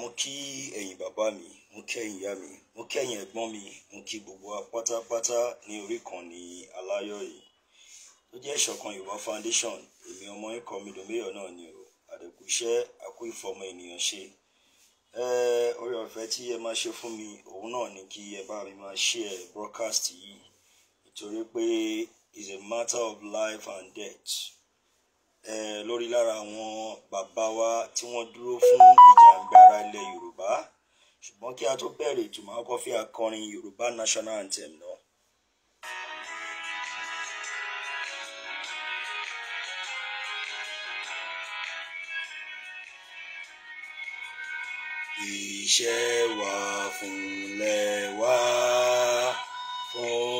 mo kí ẹ̀yin bàbá mi mo kí ẹ̀yin ìyá mi mo kí ẹ̀yin ẹ̀gbọ́n mi mo kí gbogbo wa pátápátá ní orí kan ní aláyọ̀ yìí tó jẹ́ ìṣọ̀kan Yorùbá foundation èmi ọmọ yín kọ́ mi dòmíyàn náà ni o àdẹ̀kù iṣẹ́ àkú ìfọmọ ènìyàn ṣe orí ọ̀fẹ́ tí ẹ máa ṣe fún mi òun náà ni kí ẹ bá mi máa share broadcast yìí nítorí pé is a matter of life and death lórí lára àwọn bàbá wa tí wọ́n dúró fún ìjà ara ilẹ̀ yorùbá ṣùgbọ́n kí a tó bẹ̀rẹ̀ ìtumọ̀ àkọ́kọ́ fi akọrin yorùbá national anthem náà. iṣẹ́ wa fúnlẹ̀ wá fún.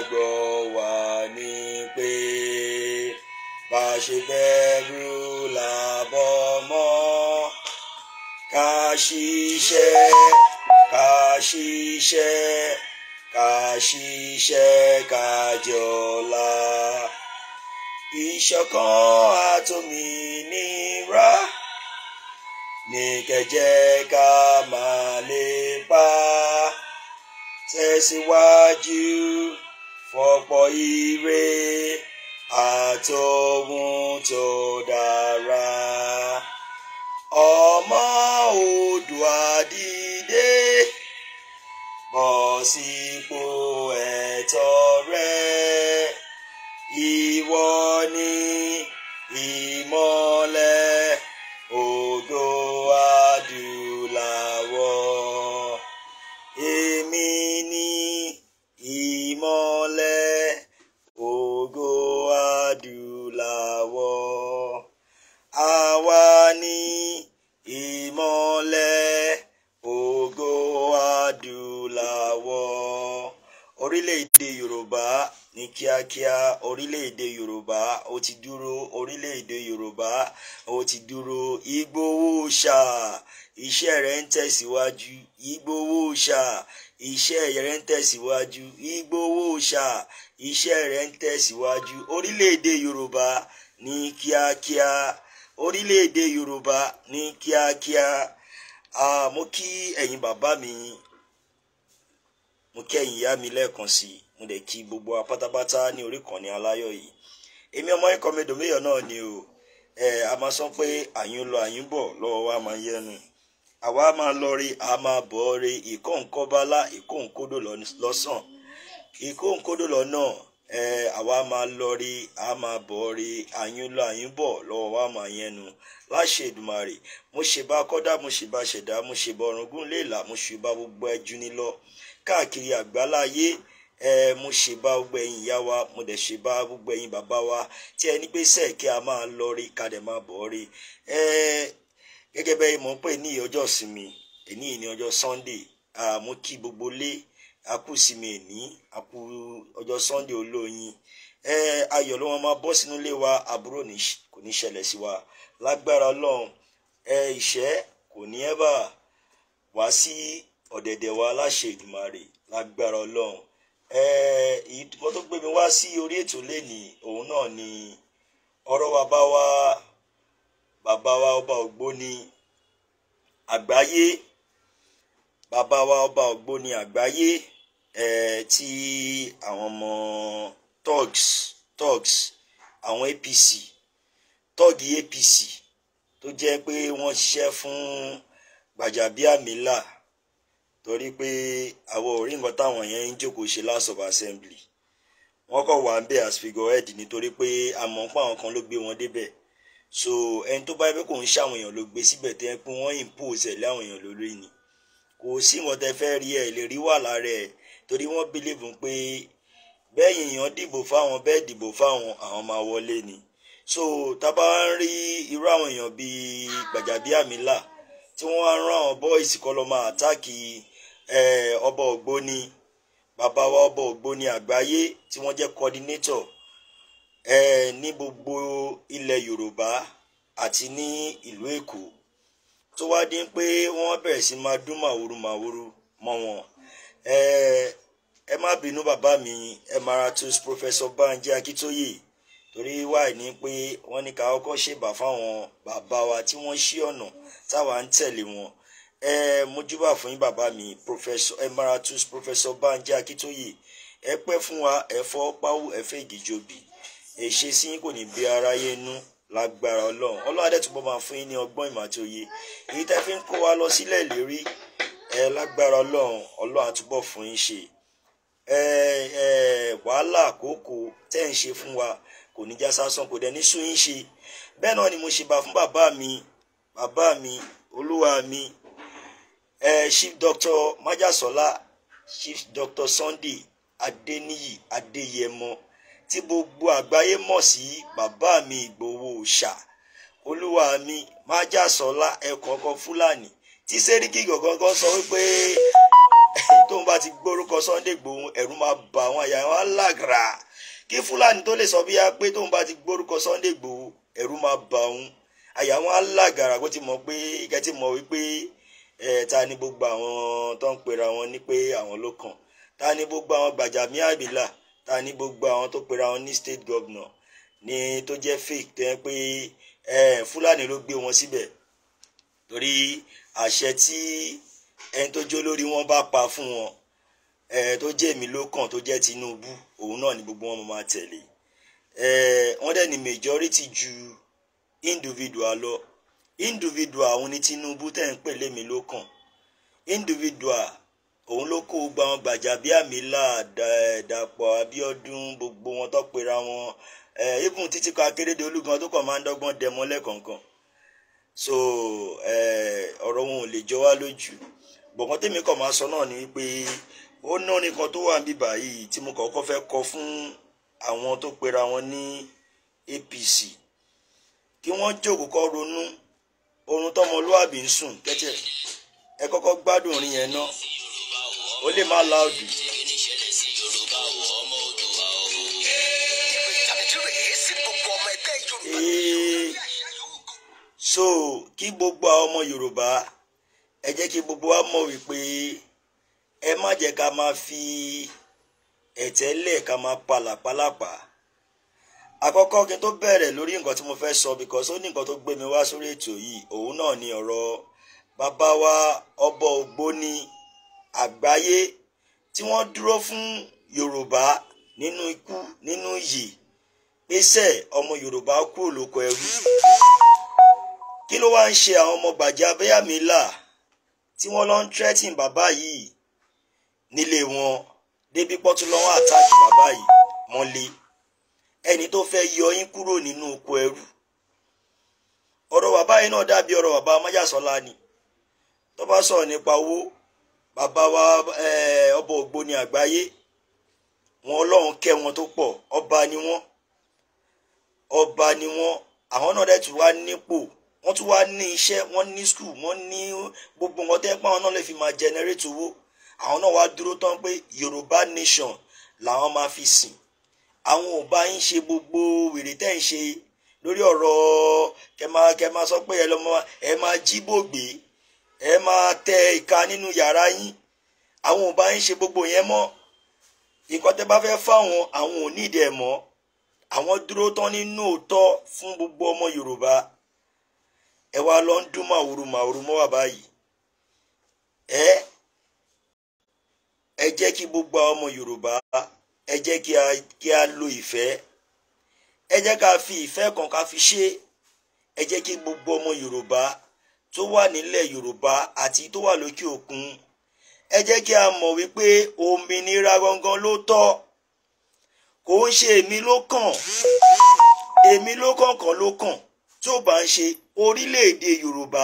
ìgbàgbọ́ wa ni pé bá a ṣe bẹ̀rù làbọ̀ mọ́ ká ṣiṣẹ́ ká ṣiṣẹ́ ká ṣiṣẹ́ ká jọ̀la ìṣọ̀kan àtòmìnira ní kẹjẹ ká máa lè pa tẹ̀síwájú. Si fọ̀pọ̀ ire àtọ̀hún tó dára ọmọ Oòduà dìde bọ̀ sípò ẹ̀tọ́. kíákíá orílẹ̀-èdè yorùbá ó ti dúró orílẹ̀-èdè yorùbá ó ti dúró Igboho-Òòṣà iṣẹ́ rẹ̀ ń tẹ̀síwájú Igboho-Òòṣà iṣẹ́ rẹ̀ ń tẹ̀síwájú Igboho-Òòṣà iṣẹ́ rẹ̀ ń tẹ̀síwájú orílẹ̀-èdè yorùbá ní kíákíá orílẹ̀-èdè yorùbá ní kíákíá mo kí ẹ̀yin bàbá mi mo kí ẹ̀yin mi lẹ́ẹ̀kan sí i mo dẹ̀ kí gbogbo apátápátá ní orí kan ní aláyọ̀ yìí èmi ọmọ ikọ̀ mẹ́dọ̀mẹ́yọ̀ náà ni o ẹ a máa sọ pé àyùn lọ àyùn bọ̀ lọ́wọ́ wa máa yẹnu àwa máa lọ rí a máa bọ̀ rí ìkóǹkọ́bálá ìkóǹkódò lọ́sàn ìkóǹkódò lọ́nà ẹ àwa máa lọ rí a máa bọ̀ rí àyùn lọ àyùn bọ̀ lọ́wọ́ wa máa yẹnu láṣẹ Èdùmàrè mo ṣe bá kọ́dá mo ṣe bá ṣẹ̀dá mo ṣe bá ọ̀rùngún léèlà mo ṣe bá gbogbo ẹjú nílọ káàkiri àgbáláyé ẹ mo ṣe bá gbogbo ẹ̀yin ìyá wa mo dẹ̀ ṣe bá gbogbo ẹ̀yin bàbá wa tí ẹni pé sẹ́ẹ̀kẹ́ a máa lọ rí kadẹ̀ máa bọ̀ rí ẹ gẹ́gẹ́ bẹ́ẹ̀ mọ̀ pé ní ọjọ́ ìsinmi èní ní ọjọ́ Sunday mo kí gbogbo lé akú ìsinmi èní akú ọjọ́ Sunday olóyin ẹ ayọ̀ ló wọn máa bọ́ sínú ilé wa àbúrò kò ní ṣẹlẹ̀ sí wa lágbára Ọlọ́run ẹ ìṣẹ́ kò ní ẹ bá wá sí ọ̀dẹ̀dẹ̀ wa láṣẹ Èdùmàrè lágbára Ọlọ́run ìdíkọ́ tó gbé mi wá sí orí ètò lénìí òun náà ni ọ̀rọ̀ bàbá wa bàbá wa ọba ògbóni àgbáyé bàbá ọba ògbóni àgbáyé tí àwọn ọmọ thugs thugs àwọn APC tọ́ọ̀gì APC tó jẹ́ pé wọ́n ṣiṣẹ́ fún Gbàjàbíàmílà torí pé àwọn ò rí nǹkan táwọn yẹn ń jókòó ṣe House of Assembly wọ́n kàn wà ń bẹ̀ as figurehead nítorí pé àmọ́ pa àwọn kan ló gbé wọn débẹ̀ so ẹni tó bá yẹ pé kò ń ṣàwọn èèyàn ló gbé síbẹ̀ tẹ́ pé wọ́n impose ẹ̀ lé àwọn èèyàn lórí ni kò sí nǹkan tẹ́ fẹ́ rí ẹ̀ lè rí wà lára ẹ̀ torí wọ́n believe pé bẹ́ẹ̀ èèyàn dìbò fáwọn bẹ́ẹ̀ dìbò fáwọn àwọn máa wọlé ni so tábà ń rí irú àwọn èèyàn bíi Gbajabiamila tí wọ́n á rán àwọn boys kọ́ lọ́ ọba ògbóni bàbá wa ọba ògbóni àgbáyé tí wọ́n jẹ́ coordinator ní gbogbo ilẹ̀ yorùbá àti ní ìlú èkó tó wá dín pé wọ́n bẹ̀rẹ̀ sí máa dún màwúrú màwúrú mọ́ wọn ẹ má bínú bàbá mi emeritus professor banji akitoye torí wáì ní pé wọ́n ní ká kọ́kọ́ ṣèbà fáwọn bàbá wa tí wọ́n ṣí ọ̀nà táwa ń tẹ̀lé wọn ẹ mo júbà fún yín bàbá mi professor emeritus professor Banji Akíntóyè ẹ pẹ́ fún wa ẹ fọ́ páwó ẹ fẹ́ ìgìjọbì èṣe sí yín kò ní bí aráyé nú lágbára Ọlọ́run Ọlọ́run adẹtùbọ máa fún yín ní ọgbọ́n ìmọ̀ àti òye èyí tẹ́ fi ń kó wa lọ sílẹ̀ lérí ẹ lágbára Ọlọ́run Ọlọ́run àtúbọ fún yín ṣe ẹ ẹ wàhálà àkókò tẹ́ ń ṣe fún wa kò ní já sásán kò dẹ̀ ní sún yín ṣe bẹ́ẹ̀ náà ni mo ṣe bá fún bàbá mi bàbá mi olúwa mi uh, chief doctor majasola chief doctor sunday adeniyi adeyemo tí gbogbo àgbáyé mọ̀ sí bàbá mi ìgbòho òòṣà olúwa mi májàsọ́lá ẹ̀kọ́kọ́ fúlàní tí sẹ́ríkì gọ̀gọ́gọ́ sọ wípé tóun bá ti gbórúkọ sunday gbòhun ẹ̀rù máa bà àwọn àyà wọn lágra kí fúlàní tó lè sọ bí i pé tóun bá ti gbórúkọ sunday gbòhun ẹ̀rù máa bà òun àyà wọn lágara kó ti mọ̀ pé kẹ́ mọ̀ wípé ẹ ta ni gbogbo àwọn tó ń pera wọn ní pé àwọn ló kàn ta ni gbogbo àwọn gbàjàmí àbílà ta ni gbogbo àwọn tó pera wọn ní state governor ni tó jẹ́ fake tó yẹ pé ẹ fúlàní ló gbé wọn síbẹ̀ torí àṣẹ tí ẹni tó jó lórí wọn bá pa fún wọn ẹ tó jẹ́ èmi ló kàn tó jẹ́ Tinubu òun náà ni gbogbo wọn máa tẹ̀lé ẹ wọ́n dẹ̀ ní majority ju individual lọ individual òun ni Tinubu tẹ̀ ń pè lémi ló kàn individual òun ló kó gba wọn Gbajabiamila Dàpọ̀ Abíọ́dún gbogbo wọn tó pera wọn even títí kan Akérédolú gan tó kàn máa ń dọ́gbọ́n dẹmọ́lẹ̀ kọ̀ọ̀kan so ọ̀rọ̀ wọn ò lè jọ wá lójú bọ̀kan tèmi kàn máa sọ náà ni pé ó náà nìkan tó wà níbí báyìí tí mo kọ́kọ́ fẹ́ kọ fún àwọn tó pera wọn ní APC kí wọ́n jókòó kọ́ ronú orun tọmọlúwàbí ń sùn kẹ́tẹ̀ ẹ kọkọ gbádùn orin yẹn ná ó lè má láòdù. so kí gbogbo àwọn ọmọ yorùbá ẹ jẹ́ kí gbogbo wa mọ̀ wípé ẹ má jẹ́ ká máa fi ẹ̀tẹ́ lẹ̀ ká máa palàpalàpà. àkọ́kọ́ kí n tó bẹ̀rẹ̀ lórí nǹkan tí mo fẹ́ sọ because ó ní nǹkan tó gbé mi wá sórí ètò yìí òun náà ni ọ̀rọ̀ bàbá wa ọba Ògbóni àgbáyé tí wọ́n dúró fún Yorùbá nínú ikú nínú iyì pèsè ọmọ Yorùbá kúrò lóko ẹrú kí ló wá ń ṣe àwọn ọmọ gbàjẹ́ abẹ́yàmílà tí wọ́n lọ ń threatening bàbá yìí nílé wọn débi pọ́tún àtàkì bàbá yìí mọ́lé ẹni tó fẹ́ yọ yín kúrò nínú oko ẹrú ọ̀rọ̀ bàbá yìí náà dàbí ọ̀rọ̀ bàbá májàsọ́lá ni tó bá sọ̀rọ̀ nípa owó bàbá wa ọba ògbóni àgbáyé wọn ọlọ́run kẹ́ wọn tó pọ̀ ọba ni wọn ọba ni wọn àwọn náà dẹ̀ tún wá nípò wọ́n tún wá ní iṣẹ́ wọ́n ní skul wọ́n ní gbogbo nǹkan tẹ́ pé àwọn náà lè fi máa generate owó àwọn náà wá dúró tán pé Yorùbá nation làwọn máa fi sìn àwọn ò bá ń ṣe gbogbo wèrè tẹ́ ń ṣe lórí ọ̀rọ̀ kẹma kẹma sọ pé ẹ lọ́mọ ẹ máa jí bògbé ẹ máa tẹ ìka nínú yàrá yín àwọn ò bá ń ṣe gbogbo yẹn mọ́ nǹkan tẹ́ bá fẹ́ fáwọn àwọn ò ní ìdẹ̀ mọ́ àwọn dúró tán nínú òótọ́ fún gbogbo ọmọ Yorùbá ẹ wá lọ ń dún màwòrú màwòrú mọ́ wà báyìí ẹ ẹ jẹ́ kí gbogbo ọmọ Yorùbá ẹ jẹ́ kí a a lo ìfẹ́ ẹ jẹ́ ká fi ìfẹ́ kan ká fi ṣe ẹ jẹ́ kí gbogbo ọmọ Yorùbá tó wà nílẹ̀ Yorùbá àti tó wà lókè òkun ẹ jẹ́ kí a mọ̀ wípé òmìnira gangan ló tọ́ kò ń ṣe èmi ló kàn èmi ló kàn kàn ló kàn tí ó bá ń ṣe orílẹ̀-èdè Yorùbá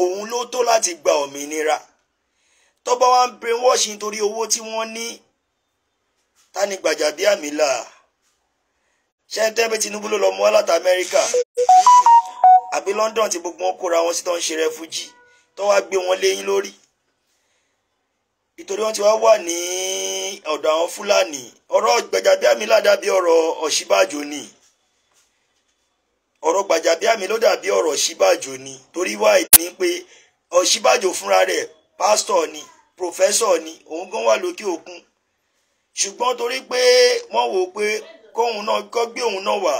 òun ló tó láti gba òmìnira tó bá wá ń brainwash nítorí owó tí wọ́n ní ta ni Gbajabiamila ṣé ń tẹ́bí Tinubu ló lọ mú wá láti Amẹ́ríkà àbí London tí gbogbo wọn kóra wọn sí tó ń ṣe rẹfújì tó wá gbé wọn léyìn lórí ìtorí wọn ti wá wà ní ọ̀dọ̀ àwọn Fúlàní ọ̀rọ̀ Gbajabiamila dàbí ọ̀rọ̀ Ọ̀ṣínbàjò ni ọ̀rọ̀ Gbajabiamila dàbí ọ̀rọ̀ Ọ̀ṣínbàjò ni torí wà ní pé Ọ̀ṣínbàjò fúnra rẹ̀ pásítọ̀ ni pòfẹ́sọ̀ ni òun gan wà lókè òkun ṣùgbọ́n torí pé wọ́n wò pé kóun náà kọ́ gbé òun náà wà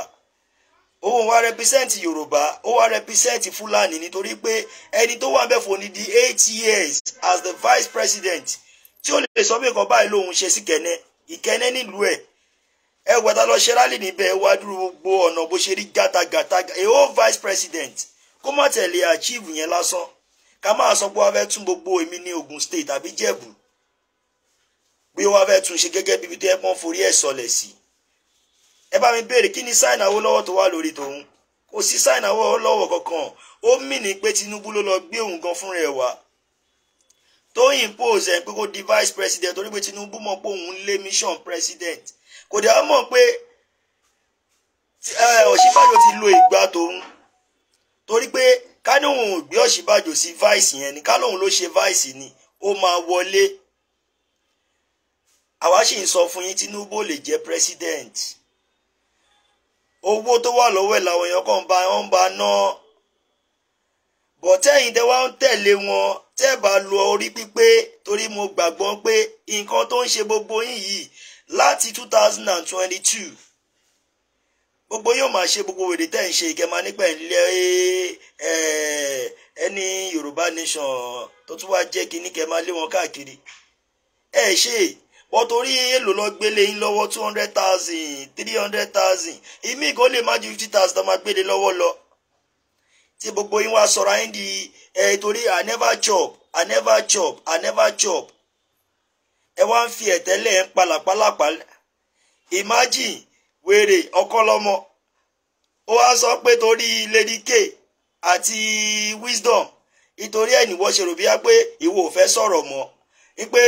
òun wá rẹpísẹ́ǹtì yorùbá ó wá rẹpísẹ́ǹtì fúlàní nítorí pé ẹni tó wà bẹ́ẹ̀ fòní di eight years as the vice president tí ó lè sọ pé nǹkan báyìí lòun ṣe sí kẹ́nẹ́ ìkẹ́nẹ́ nílùú ẹ̀ ẹ gbọ́dọ̀ lọ ṣe rálì níbẹ̀ wá dúró gbogbo ọ̀nà bó ṣe rí gàtàgàtà a whole vice president kó má tẹ̀lé achieve yẹn lásán ká máa sọ pé wọ́n fẹ́ tún gbogbo èmi ní Ogun state àbí Jẹ̀bú bí wọ́n fẹ́ tún ṣe gẹ́gẹ́ bíbi tí ẹ mọ́ forí ẹ̀ sọlẹ̀ sí ẹ bá mi béèrè kí ni sáìn Awólọ́wọ̀ tó wà lórí tòun kò sí sáìn Awólọ́wọ̀ kankan ó mì ní pé Tinubu ló lọ gbé òun gan fúnra ẹ̀ wá tó impose pé kó di vice president torí pé Tinubu mọ̀ pé òun lé mission president kò dẹ̀ ọ́ mọ̀ pé Ọ̀ṣínbàjò ti lo ìgbà tòun torí pé ká ní òun ò gbé Ọ̀ṣínbàjò sí vice yẹn ni ká lóun ló ṣe vice ni ó máa wọlé àwa sì ń sọ fún yín Tinubu lè jẹ́ president owó tó wà lọ́wọ́ ẹ̀ làwọn èèyàn kan bá wọn bá ná bọ̀ tẹ́yìn tẹ́ wá ń tẹ̀lé wọn tẹ́ bá lu orí pípé torí mo gbàgbọ́ pé nǹkan tó ń ṣe gbogbo yín yìí láti two thousand and twenty-two gbogbo yóò máa ṣe gbogbo wèrè tẹ́ ń ṣe ìkẹ́mà nípa ìlẹ̀ ẹni Yorùbá nation tó tún wá jẹ́ kí ní kẹ́mà lé wọn káàkiri ẹ ṣe. Eh, wọ́n torí èlò lọ gbélé yín lọ́wọ́ two hundred thousand three hundred thousand ìmí kan lè má ju fifty thousand tó máa gbélé lọ́wọ́ lọ tí gbogbo yín wá sọ̀rọ̀ ayé di ẹ̀ torí i never chop i never chop i never chop ẹ wá ń fi ẹ̀tẹ́lẹ̀ ń palàpalàpà imagine wèrè ọkọlọmọ ó wá sọ pé torí lady k àti wisdom ìtorí ẹ̀ nìwọ ṣe rò bíyá pé ìwọ ò fẹ́ sọ̀rọ̀ mọ́ wípé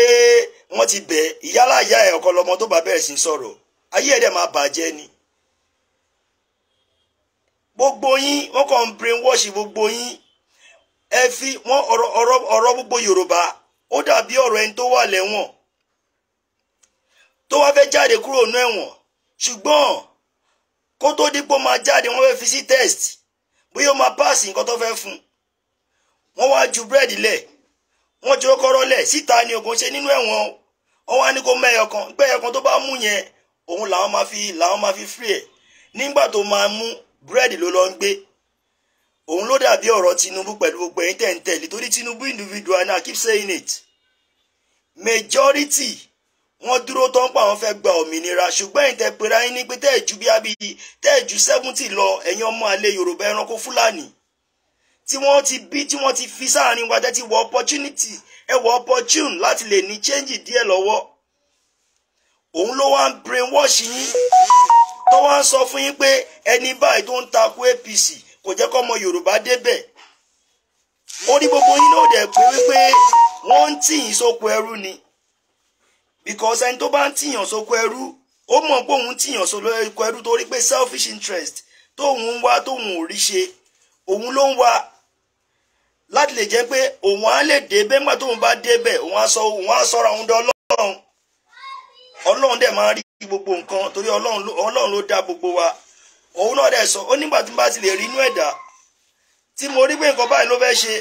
wọ́n ti bẹ̀ ìyálà ìyá ẹ̀ ọkọ lọmọ tó bá bẹ̀rẹ̀ sí sọ̀rọ̀ ayé ẹ̀ dẹ̀ máa bàjẹ́ ni gbogbo yín wọ́n kàn ń brainwash gbogbo yín ẹ fi wọ́n ọ̀rọ̀ ọ̀rọ̀ ọ̀rọ̀ gbogbo Yorùbá ó dàbí ọ̀rọ̀ ẹni tó wà lẹ́wọ̀n tó wá fẹ́ jáde kúrò nú ẹ̀wọ̀n ṣùgbọ́n kó tó dípò máa jáde wọ́n fẹ́ fi sí test bóyá ó máa pass nǹkan tó fẹ́ fún un wọ́n wá ju búrẹ́dì lẹ̀ wọ́n ti kọ́kọ́rọ́ lẹ̀ síta ni ogun ṣe nínú ẹ̀wọ̀n wọ́n wá ní kó mẹ́yọ kan gbé ẹyọ tó bá mú yẹn òun làwọn máa fi làwọn máa fi free ẹ̀ nígbà tó máa mú búrẹ́dì ló lọ ń gbé òun ló dàbí ọ̀rọ̀ Tinubu pẹ̀lú gbogbo ẹ̀yin tẹ̀ ń Tinubu individual and keep saying it majority wọ́n dúró tó pa àwọn fẹ́ gba òmìnira ṣùgbọ́n ẹ̀yin tẹ́ pera ní pé tẹ́ẹ̀jú bíi tẹ́ẹ̀jú seventy lọ ẹ̀yin ọmọ àlè Yorùbá ẹranko Fúlàní tí wọ́n ti bí tí wọ́n ti fi sáàrin wa tẹ́tí wọ opportunity ẹ wọ opportune láti lè ní change díẹ̀ lọ́wọ́ òun ló wá ń brainwash yín tó wá ń sọ fún yín pé ẹni báyìí tó ń takò APC kò jẹ́ kọ́mọ Yorùbá débẹ̀ ó ní gbogbo yín náà dẹ̀ pé wípé wọ́n ń tì yín sóko ẹrú ni because ẹni tó bá ń tìyàn sóko ẹrú ó mọ̀ pé òun tìyàn sóko ẹrú torí pé selfish interest tóun ń wá tóun ò rí ṣe òun ló ń wá láti lè jẹ́ pé òun á lè dé bẹ́ẹ̀ nígbà tóun bá débẹ̀ òun á sọ òun á sọra òun dán ọlọ́run ọlọ́run dẹ̀ máa rí gbogbo nǹkan torí ọlọ́run ló dá gbogbo wa òun náà dẹ̀ sọ ó nígbà tí mo bá ti lè rí inú ẹ̀dá tí mo rí pé nǹkan báyìí ló fẹ́ ṣe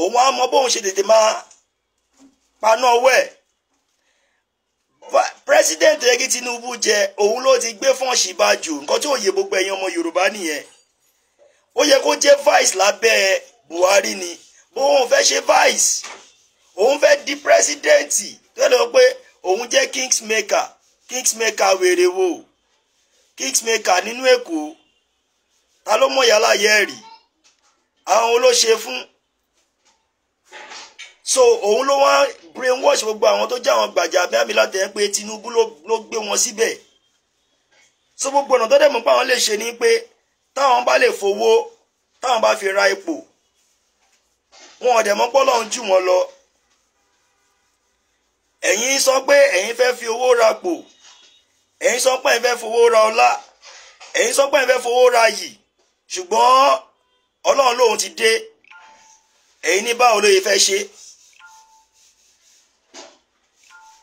òun á mọ bóun ṣe tètè máa paná ọwọ́ ẹ̀ president Tinubu jẹ òun ló ti gbé fún Ọ̀ṣínbàjò nǹkan tí òye gbogbo ẹ̀yin ó yẹ kó jẹ́ vice lábẹ́ Buhari ni òun fẹ́ ṣe vice òun fẹ́ di president tó lè wọ pé òun jẹ́ kingsmaker kingsmaker wèrè wo kingsmaker nínú Èkó ta ló mọ̀ yàrá yẹ́ rí àwọn olóṣe fún so òun ló wá brainwash gbogbo àwọn tó jẹ́ àwọn gbàjà abẹ́àmì látẹ̀yẹ́ pé Tinubu ló gbé wọn síbẹ̀ so gbogbo ọ̀nà tó dẹ̀ mọ́ pé àwọn lè ṣe ni pé táwọn bá lè fowó táwọn bá fi ra ipò wọn ọ̀dẹ̀ mọ́ pọ́lọ́run jù wọ́n lọ ẹ̀yin sọ pé ẹ̀yin fẹ́ fi owó ra pò ẹ̀yin sọ pé ẹ̀yin fẹ́ fowó ra ọlá ẹ̀yin sọ pé ẹ̀yin fẹ́ fowó ra yìí ṣùgbọ́n ọlọ́run lòun ti dé ẹ̀yin ní báwo ló yẹ fẹ́ ṣe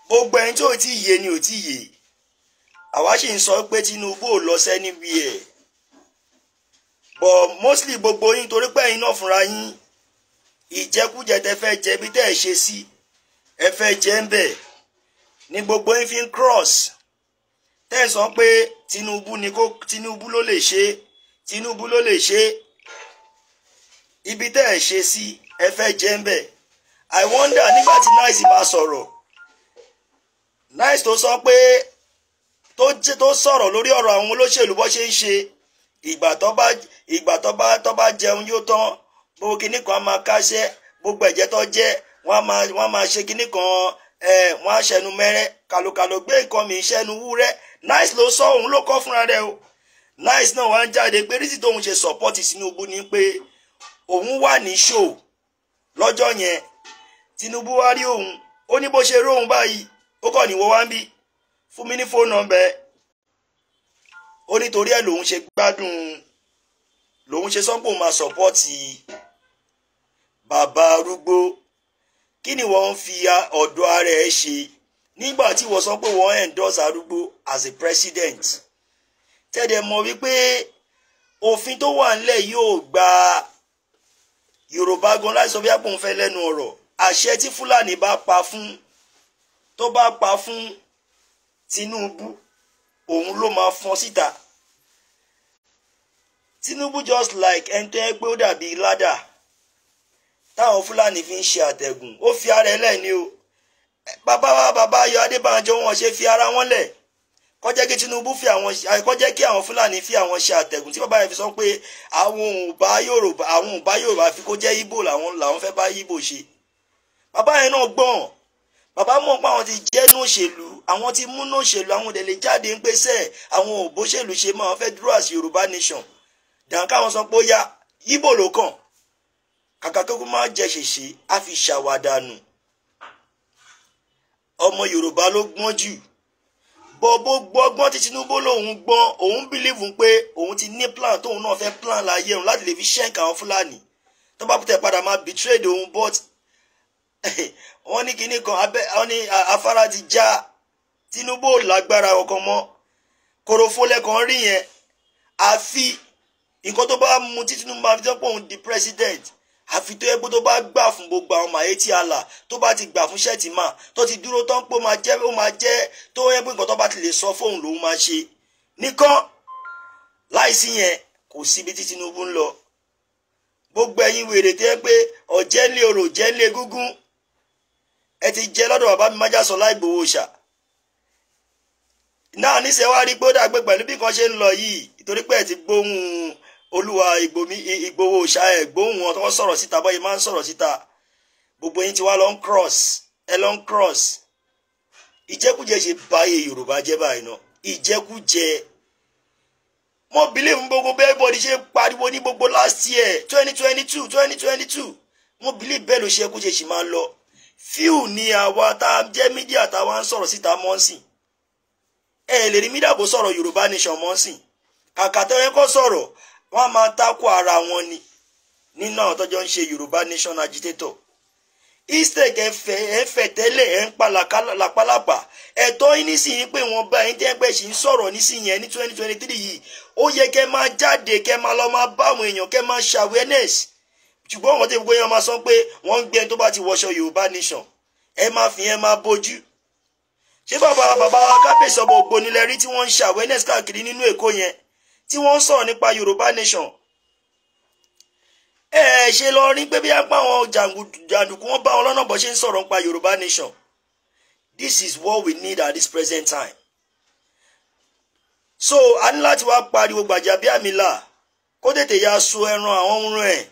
gbogbo ẹni tí ò tí yé ni ò tí yé àwa sì ń sọ pé Tinubu ò lọ sẹ́ni bí ẹ̀ but mostly gbogbo yín torí pé ẹ̀yin náà fúnra yín ìjẹkújẹ tẹ fẹ́ jẹ bí tẹ́ ṣe sí ẹ fẹ́ jẹ ń bẹ̀ ni gbogbo yín fi ń cross tẹ́ ẹ̀ sọ pé Tinubu ni kó Tinubu ló lè ṣe Tinubu ló lè ṣe ibi tẹ́ ṣe sí ẹ fẹ́ jẹ ń bẹ̀ i wonder nígbà tí nice bá sọ̀rọ̀ nice tó sọ pé tó sọ̀rọ̀ lórí ọ̀rọ̀ àwọn olóṣèlú bó ṣe ń ṣe ìgbà tó bá ìgbà tó bá tó bá jẹun yóò tán gbogbo kinní kan á máa káṣẹ́ gbogbo ẹ̀jẹ̀ tó jẹ́ wọ́n á máa wọ́n á máa ṣe kinní kan ẹ̀ wọ́n á ṣẹnu mẹ́rẹ́ kàlòkàlò gbé nǹkan mi ṣẹnu wúrẹ́ nice ló sọ òun ló kọ́ fúnra rẹ̀ o nice náà wá jáde pé rísì tóun ṣe support Tinubu ni pé òun wà ní show lọ́jọ́ yẹn Tinubu wá rí òun ó ní bó ṣe róhun báyìí ó kàn ní wọ́n wá ń bí fún mi ní fóònù nọ́mbà ó nítorí ẹ̀ lòun ṣe gbádùn lòun ṣe sọ́pò máa sọ́pọ́ọ̀tì bàbá arúgbó kí ni wọ́n ń fi ọ̀dọ̀ ara ẹ̀ ṣe nígbà tí wọ́n sọ pé wọ́n endorse arúgbó as a president tẹ́lẹ̀ mọ̀ wípé òfin tó wà nílẹ̀ yóò gba yorùbá gan láì sọ bí apòun fẹ́ lẹ́nu ọ̀rọ̀ àṣẹ tí fúlàní bá pa fún tó bá pa fún tinubu òun ló máa fọn síta Tinubu just like ẹni tó yẹ pé ó dàbí ládà táwọn Fúlàní fi ń ṣe àtẹ̀gùn ó fi ara ẹ lẹ́ni o bàbá wa bàbá Ayọ̀ Adébánjọ wọn ṣe fi ara wọn lẹ̀ kó jẹ́ kí Tinubu fi àwọn kó jẹ́ kí àwọn Fúlàní fi àwọn ṣe àtẹ̀gùn tí bàbá yẹn fi sọ pé àwọn ò bá Yorùbá àwọn ò bá Yorùbá fi kó jẹ́ Ìgbò làwọn làwọn fẹ́ bá Ìgbò ṣe bàbá yẹn náà gbọ́n bàbá mọ̀ pé àwọn ti jẹ́nu òṣèlú àwọn ti múnú òṣèlú àwọn òdẹ̀lẹ̀ jáde ń pèsè àwọn òbóṣèlú ṣe máa fẹ́ dúró àti yorùbá nation dànká àwọn sọ pé ó yá ibo ló kàn kàkà kókó máa jẹ ṣèṣe á fi ṣàwádànù ọmọ yorùbá ló gbọ́n jù bọ́bó gbọ́gbọ́n tí tinubu lòun gbọ́n òun bílíìfù pé òun ti ní plan tóun náà fẹ́ plan láyé òun láti lè fi ṣẹ́ǹkà àwọn fúlàní tó bá tẹ̀ padà máa betrayed òun but wọ́n ní kinní kan abẹ́ wọ́n ní afárá ti já Tinubu ò lágbára ọkàn mọ́ korofólẹ́ kan rí yẹn àfi nǹkan tó bá mu tí Tinubu bá fi jọ́ pé òun di president àfi tó yẹ pé tó bá gbà fún gbogbo àwọn màáyé tí a là tó bá ti gbà fún Shettima tó ti dúró tán pé ó máa jẹ́ ó máa jẹ́ tó yẹ pé nǹkan tó bá ti lè sọ fóun lòun máa ṣe nìkan láìsí yẹn kò síbi tí Tinubu ń lọ gbogbo ẹ̀yin wèrè tó yẹ pé ọ̀jẹ̀ ń lé orò jẹ́ gúngún ẹ ti jẹ lọ́dọ̀ bàbá mi májá sọ láì gbowó ṣà náà níṣẹ́ wá rí gbódà pé pẹ̀lú bí kan ṣe ń lọ yìí torí pé ẹ ti gbóhùn olúwa ìgbowó ṣà ẹ gbóhùn wọn tó síta bọ́yì máa ń sọ̀rọ̀ síta gbogbo yín ti wá lọ cross ẹ lọ ń cross ìjẹkújẹ ṣe báyé yorùbá jẹ báyìí náà ìjẹkújẹ mo believe gbogbo bẹ́ẹ̀ bọ́ọ̀dì ṣe pariwo ní gbogbo last year twenty twenty two twenty twenty two mo believe bẹ́ẹ̀ ló ṣe ẹkújẹ ṣì máa lọ fíù ni àwa tá a jẹ́ mídíà táwa ń sọ̀rọ̀ síta mọ́ǹsìn ẹ lè rí mídíà kó sọ̀rọ̀ Yorùbá nation mọ́ǹsìn kàkà tó yẹ kó sọ̀rọ̀ wọ́n máa takò ara wọn ni nínú àwọn tọ́jọ́ ń ṣe Yorùbá nation agitator istek ẹfẹ ẹfẹ tẹ́lẹ̀ ẹ ń pa làpálàpà ẹ̀tọ́ yín nísìnyí pé wọ́n bá yín tẹgbẹ sì ń sọ̀rọ̀ nísìnyẹn ní twenty twenty three yìí ó yẹ kẹ́ máa jáde kẹ́ máa lọ máa bá àwọn èèyàn kẹ́ máa ṣàwẹ́nẹ̀sì ṣùgbọ́n wọn tẹ̀wé yẹn máa sọ pé wọ́n ń gbẹ́ni tó bá ti wọṣọ Yorùbá nation ẹ máa fi yẹn máa bójú ṣé bàbá bàbá wa kábíyèsí ọba ògbóni lẹ́rí tí wọ́n ń ṣe awareness káàkiri nínú Èkó yẹn tí wọ́n ń sọ̀rọ̀ nípa Yorùbá nation ẹ ṣe lọ rí pé bí a pa àwọn jàǹdùkú wọn bá wọn lọ́nà bọ́ ṣe ń sọ̀rọ̀ nípa Yorùbá nation this is what we need at this present time so a ní láti wá pariwo Gbajabiamila kó tètè ya so ẹran àwọn ohun rẹ̀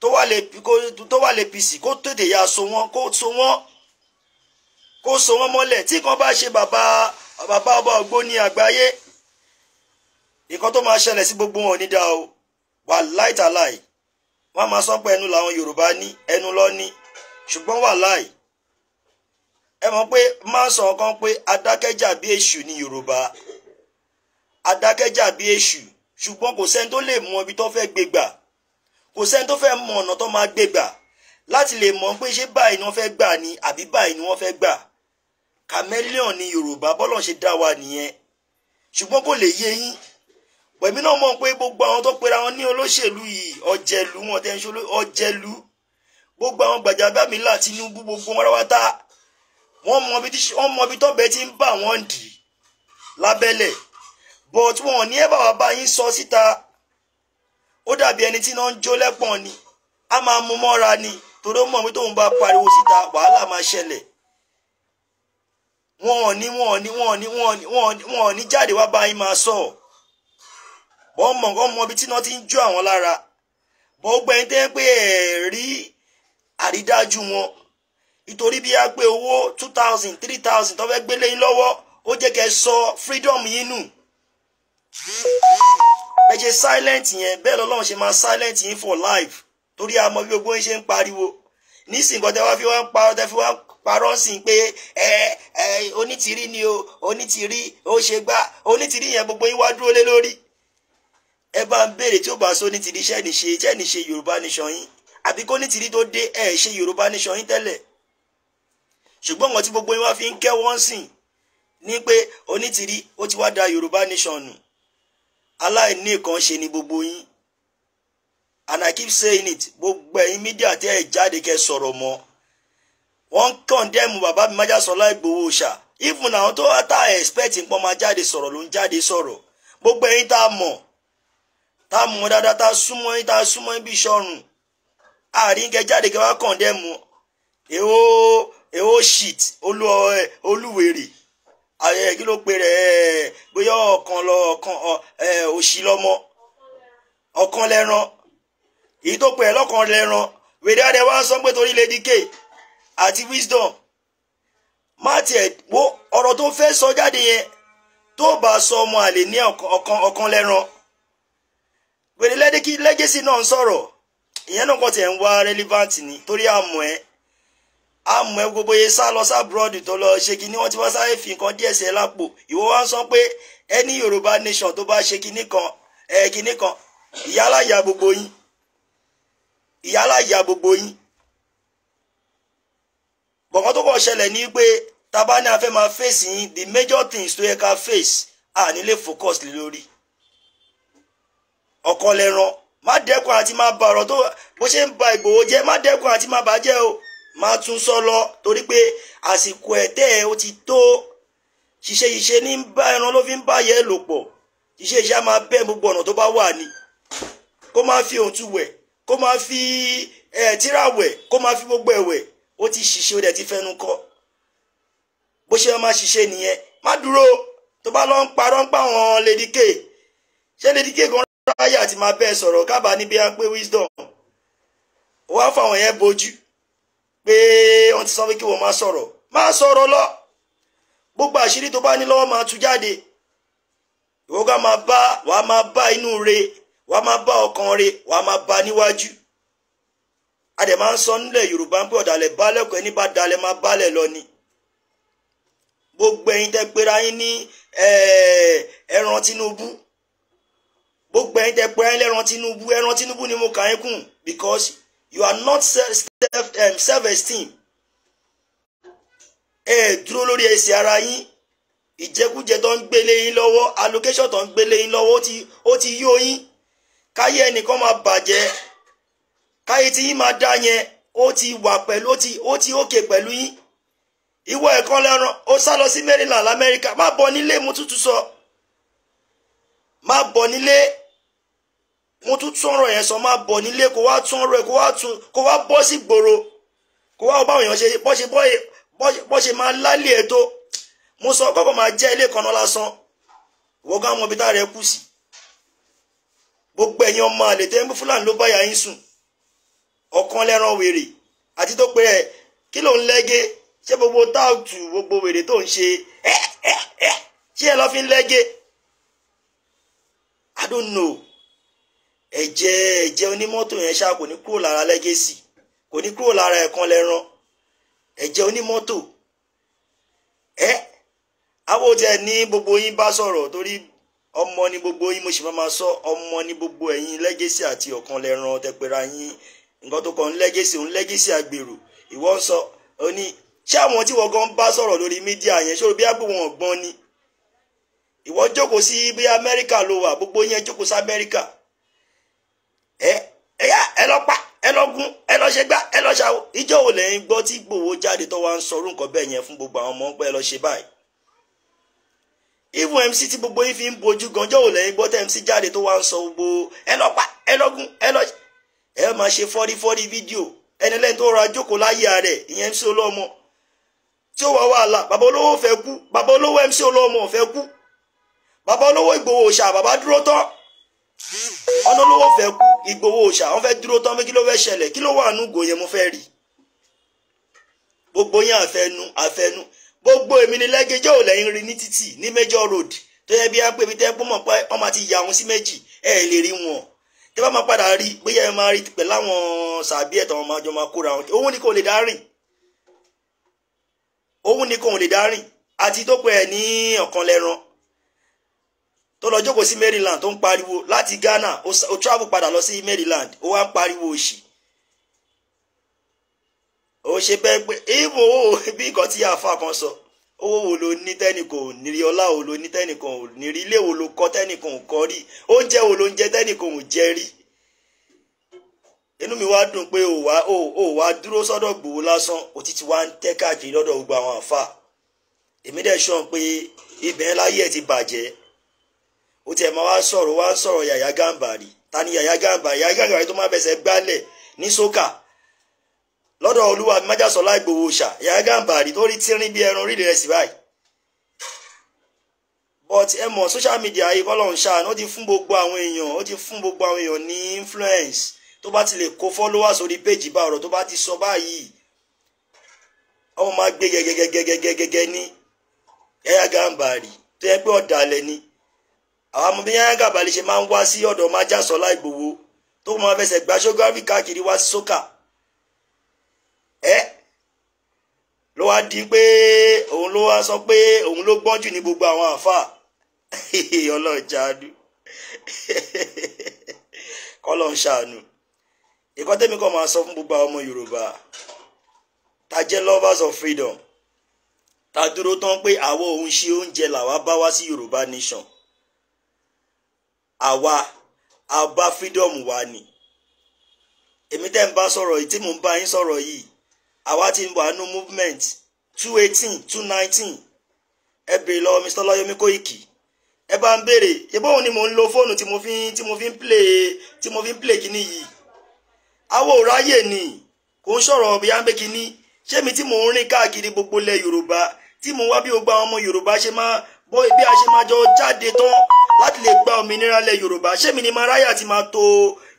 tó wà l'APC kó tètè ya so wọ́n kó so wọ́n kó so wọ́n mọ́lẹ̀ tí kan bá ṣe bàbá bàbá ọba ògbóni àgbáyé nǹkan tó máa ṣẹlẹ̀ sí gbogbo wọn nídà o wà láìtàláì wọ́n máa sọ pé ẹnu làwọn Yorùbá ní ẹnu lọ ní ṣùgbọ́n wà láì ẹ mọ̀ pé máa sọ kan pé adákẹ́jà bí èṣù ní Yorùbá adákẹ́jà bí èṣù ṣùgbọ́n kò sẹ́ni tó lè mọ ibi tó fẹ́ gbégbà kò sẹ́ni tó fẹ́ mọ ọ̀nà tó máa gbé gbà láti lè mọ̀ pé ṣé báyìí ni wọ́n fẹ́ gbà ni àbí báyìí ni wọ́n fẹ́ gbà chameleon ni yorùbá bọ́lọ̀ ṣe dá wa nìyẹn ṣùgbọ́n kò lè yé yín pẹ̀mí náà mọ̀ pé gbogbo àwọn tó pera wọn ní olóṣèlú yìí ọ̀jẹ̀lú wọn tẹ́ ń ṣe ọ̀jẹ̀lú gbogbo àwọn Gbajabiamila Tinubu gbogbo wọn ráwátá wọ́n mọ ibi tọ́bẹ̀ ti ń bà wọ́n dì lábẹ́lẹ̀ but wọn ò ní ẹ̀ bá wa bá yín sọ síta. So ó dàbí ẹni tí náà ń jó lẹ́pọ̀n ni a máa mú mọ́ra ni torí ó mọ̀ pé tóun bá pariwo síta wàhálà máa ṣẹlẹ̀ wọn ò ní wọn ò ní wọn ò ní wọn ò ní jáde wá bá yín máa sọ wọn mọ wọn mọ ibi tí náà ti ń jó àwọn lára bọ́ ó gbẹ́yìn tẹ́ pé ẹ̀ rí àrídájú wọn nítorí bí a gbé owó two thousand three thousand tó fẹ́ gbélé yín lọ́wọ́ ó jẹ́ kẹ́ sọ freedom yín nù bẹ́ẹ̀ silent yẹn bẹ́ẹ̀ lọ́lọ́run ṣe máa silent yín for life torí a mọ bí gbogbo yín ṣe ń pariwo nísìnyí kan tẹ wá fi wá ń parọ́ tẹ fi wá parọ́ sí i pé ẹ ẹ onítìrí ni o onítìrí ó ṣe gbá onítìrí yẹn gbogbo yín wá dúró lé lórí ẹ bá ń béèrè tí ó bá sọ onítìrí ṣẹ́ ní ṣe ṣẹ́ ní ṣe Yorùbá nation yín àbí kó onítìrí tó dé ẹ ṣe Yorùbá nation yín tẹ́lẹ̀ ṣùgbọ́n wọn tí gbogbo yín wá fi ń kẹ́ sìn ní pé onítìrí ó ti wá da Yorùbá nation nù aláìní kan ṣe ni gbogbo yín and i keep saying it gbogbo ẹ̀yin mídíà tí ẹ jáde kẹ́ sọ̀rọ̀ mọ́ wọ́n kọ̀ndẹ́mù bàbá mi májàsọ́lá ìgbòho ṣá even àwọn tó wá tá a expect nǹkan máa jáde sọ̀rọ̀ ló ń jáde sọ̀rọ̀ gbogbo ẹ̀yin tá a mọ̀ tá a mọ̀ dáadáa tá a súnmọ́ yín tá a súnmọ́ yín bí sọ̀rùn àríkẹ́ jáde kẹ́ wá kọ̀ndẹ́mù èwo èwo shit olúwèrè ayẹ kí ló pe rẹ ẹ bóyá ọ̀kan lọ ọ̀kan ẹ òṣì lọmọ ọ̀kan lẹran èyí tó pe ẹ lọ́kan lẹran wèrè adé wa sọ pé torí Lady àti Wisdom má tiẹ̀ wo ọ̀rọ̀ tó fẹ́ sọ jáde yẹn tó bá sọ ọmọ àlè ní ọ̀kan ọ̀kan lẹran wèrè lẹ́díkì lẹ́gẹ́sì náà ń sọ̀rọ̀ ìyẹn náà kàn tiẹ̀ ń wá relevant ni torí àmọ́ ẹ̀ àmọ́ ẹ gbogbo yẹn sá lọ sá búrọ́dì tó lọ ṣe kinní wọ́n ti wá sáré fi nǹkan díẹ̀ sí ẹ lápò ìwọ wá ń sọ pé ẹni yorùbá nation tó bá ṣe kinní kan ẹ kinní kan ìyálàyà gbogbo yín ìyálàyà gbogbo yín bọ̀kan tó kọ̀ ṣẹlẹ̀ ní pé tábà ní a fẹ́ máa face yín the major things tó yẹ ká face à nílé focus lé lórí ọ̀kan lẹ́ran má dẹ́kun àti má bà ọ̀rọ̀ tó bó ṣe ń ba Ìgbòho jẹ́ má dẹ́kun àti má bà jẹ́ o má tún sọ lọ torí pé àsìkò ẹ̀tẹ́ ẹ̀ ó ti tó ṣiṣẹ́ iṣẹ́ ní bá ẹran ló fi ń báyẹ̀ lò pọ̀ ṣiṣẹ́ iṣẹ́ á máa bẹ́ gbogbo ọ̀nà tó bá wà ni kó máa fi òun tu wẹ̀ kó máa fi ẹ̀ tíra wẹ̀ kó máa fi gbogbo ẹ̀ ó ti ṣiṣẹ́ ó dẹ̀ ti fẹnu kọ́ bó ṣe máa ṣiṣẹ́ nìyẹn má dúró tó bá lọ ń parọ́ ń pa àwọn lédíkè ṣé lédíkè kan ráyà ti máa bẹ́ẹ̀ sọ̀rọ̀ kábàá níbi à ń pé wisdom ó wá fáwọn yẹn bójú pé wọ́n ti sọ pé kí wọ́n máa sọ̀rọ̀ máa sọ̀rọ̀ lọ gbogbo àṣírí tó bá ní lọ́wọ́ máa tú jáde ìwọ ká máa bá wàá máa bá inú re wàá máa bá ọkàn re wàá máa bá níwájú a dẹ̀ máa ń sọ nílẹ̀ Yorùbá ń pè ọ̀dàlẹ̀ bálẹ̀kọ̀ ẹni bá dalẹ̀ máa bálẹ̀ lọ ni gbogbo ẹ̀yin tẹ́ pera yín ní ẹran Tinubu gbogbo ẹ̀yin tẹ́ pera yín lẹ́ran Tinubu ẹran Tinubu ni mo kà yín kùn because You are not self um, self esteem. Eh, duro lori esi ara yi Ijekuje ton gbele yin lowo, allocation ton gbele yin lowo ti o ti yo yin. Kaye enikan ma baje. Kaye ti yin ma da yen, o ti wa pelu, o ti oke pelu yi Iwo ekan leran, o sa lo si Maryland, America. Ma bo nile mo tutu so. Ma bo nile mo tún tún ọ̀rọ̀ yẹn sọ máa bọ̀ nílé kó wá tún ọ̀rọ̀ ẹ̀ kó wá tún kó wá bọ́ sí gbòòrò kó wá báwọn èèyàn ṣe bọ́ ṣe bọ́ ṣe máa lálẹ́ ẹ̀ tó mo sọ kọ́kọ́ máa jẹ́ ilé kan náà lásán wọ́n gá mọ̀ bí táà rẹ̀ kù sí gbogbo ẹ̀yin ọmọ àlè tẹ́ ń bí fúlàní ló bá yà yín sùn ọ̀kan lẹ́ran wèrè àti tó pé ẹ̀ kí ló ń lẹ́gẹ́ ṣé gbogbo táàtù gbogbo wèrè tó ń ṣe ṣé ẹ lọ́ fi ń lẹ́gẹ́ I don't know ẹ̀jẹ̀ ẹ̀jẹ̀ onímọ́tò yẹn ṣáà kò ní kúrò lára lẹ́gẹ̀sì kò ní kúrò lára ẹ̀kan lẹ́ran ẹ̀jẹ̀ onímọ́tò ẹ àwọn òjẹ ní gbogbo yín bá sọ̀rọ̀ torí ọmọ ni gbogbo yín mo sì máa sọ ọmọ ni gbogbo ẹ̀yin lẹ́gẹ̀sì àti ọ̀kan lẹ́ran tẹpẹ̀ra yín nǹkan tó kàn ń lẹ́gẹ̀sì ń lẹ́gẹ̀sì àgbèrò ìwọ ń sọ ọ ní ṣé àwọn tí wọ́n gan bá sọ̀rọ̀ lórí mídíà yẹn ṣòro bí àgbò wọn ọ̀gbọ́n ni ìwọ jókòó sí bí Amẹ́ríkà ló wà gbogbo yín jókòó sí Amẹ́ríkà ẹyà ẹ lọ pa ẹ lọ gun ẹ lọ ṣe gbá ẹ lọ ṣàwò ìjọ wo lẹ́yìn gbọ́ tí Ìgbòho jáde tó wá ń sọrú nǹkan bẹ́ẹ̀ yẹn fún gbogbo àwọn ọmọ pé ẹ lọ ṣe báyìí even MC tí gbogbo yìí fi ń bojú ganjọ́ ò lẹ́yìn gbọ́ tẹ́ MC jáde tó wá ń sọ gbogbo ẹ lọ pa ẹ lọ gun ẹ lọ ẹ máa ṣe fọ́rí fọ́rí fídíò ẹni lẹ́yìn tó ra jókòó láyé rẹ̀ ìyẹn MC olómọ tí ó wà wàhálà bàbá olówó fẹ́ kú bàbá olówó MC olómọ fẹ́ kú bàbá olówó Ìgbòho ṣà bàbá dúró tán ọ̀nà olówó fẹ́ kú Ìgbòho òòṣà wọ́n fẹ́ dúró tán fẹ́ kí ló fẹ́ ṣẹlẹ̀ kí ló wà nù gòyẹ mo fẹ́ rí gbogbo yẹn àfẹnu àfẹnu gbogbo èmi ni lẹ́gẹ́jọ́ ò lẹ́yìn rí ní títì ní major road tó yẹ bí apẹ́bí tẹ́ pọ́ mọ̀ pé wọ́n máa ti yà wọn sí méjì ẹ̀ lè rí wọn tẹ́ bá máa padà rí bóyá ẹ máa rí pẹ̀lú àwọn sàbí ẹ̀ tọ́wọ́n máa jọ máa kóra wọn òun ni kò lè dárìn òun ni kò lè dárìn àti tó pẹ́ ẹ̀ ní ọ̀kan lẹ́ran tó lọ jókòó sí Maryland tó ń pariwo láti Ghana ó travel padà lọ sí Maryland ó wá ń pariwo òṣì ó ṣe bẹ́ẹ̀ pé ìmọ̀ owó bí nǹkan tí àáfà kan sọ owó wo ló ní tẹ́nìkan ò ní rí ọlá wo ló ní tẹ́nìkan ò ní rí ilé wo ló kọ́ tẹ́nìkan ò kọ́ rí oúnjẹ wo ló ń jẹ tẹ́nìkan ò jẹ rí inú mi wá dùn pé ò wá dúró sọ́dọ̀ gbòó lásán òtítí wá ń tẹ́ káàkiri lọ́dọ̀ gbogbo àwọn àáfà èmi dẹ̀ sọ pé ibẹ̀ ńlá yẹ̀ ti bàjẹ́ ó tiẹ̀ máa wá sọ̀rọ̀ wá sọ̀rọ̀ Yahya Gambari ta ni Yahya Gambari Yahya Gambari tó máa bẹ̀sẹ̀ gbálẹ̀ ní sókà lọ́dọ̀ olúwa májàsọ́lá Ìgbòho ṣà Yahya Gambari tó rí tírín bí ẹran orílẹ̀ rẹ̀ sí báyìí but ẹ mọ̀ social media yìí kọ́lọ̀ ń ṣàn ó ti fún gbogbo àwọn èèyàn ó ti fún gbogbo àwọn èèyàn ní influence tó bá ti lè kó followers orí péjì bá ọ̀rọ̀ tó bá ti sọ báyìí ọmọ máa gbé gẹ́gẹ́gẹ́gẹ́gẹ́gẹ́ ní Yahya Gambari tó yẹ pé ọ̀dàlẹ̀ ni àwọn ọmọ bíyá Gàbàlì ṣe máa ń wá sí ọ̀dọ̀ májàsọ́lá Ìgbòho tó máa fẹsẹ̀ gba ṣógáfì káàkiri wá sí sókà ẹ ló wá di pé òun ló wá sọ pé òun ló gbọ́n jù ní gbogbo àwọn àáfàá ọlọ́ọ̀jáàdù kọ́lọ̀ ń ṣàánú ìkọ́ tẹ́mi kan máa sọ fún gbogbo àwọn ọmọ Yorùbá ta jẹ́ lovers of freedom ta dúró tán pé àwọn òun ṣe oúnjẹ làwa bá wá sí Yorùbá nation àwa a bá freedom wa ni èmi tẹ́ ń bá sọ̀rọ̀ yìí tí mò ń bá yín sọ̀rọ̀ yìí àwa ti wà nínú movement two eighteen two nineteen ẹ bèrè lọ́wọ́ Mr. Ọláyọmí Kóìkì ẹ bá ń béèrè ṣé bóun ni mò ń lo fóònù tí mo fi tí mo fi ń play tí mo fi ń play kíní yìí awo ráyè ni kò ń sọ̀rọ̀ bí yánbé kíní ṣé mi tí mò ń rìn káàkiri gbogbo ilẹ̀ Yorùbá tí mò wá bí gbogbo àwọn ọmọ Yorùbá ṣe máa bọ́ ibi a ṣe máa jọ jáde tán láti lè gba òmìnira lẹ̀ yorùbá ṣé mi ni maraya ti máa to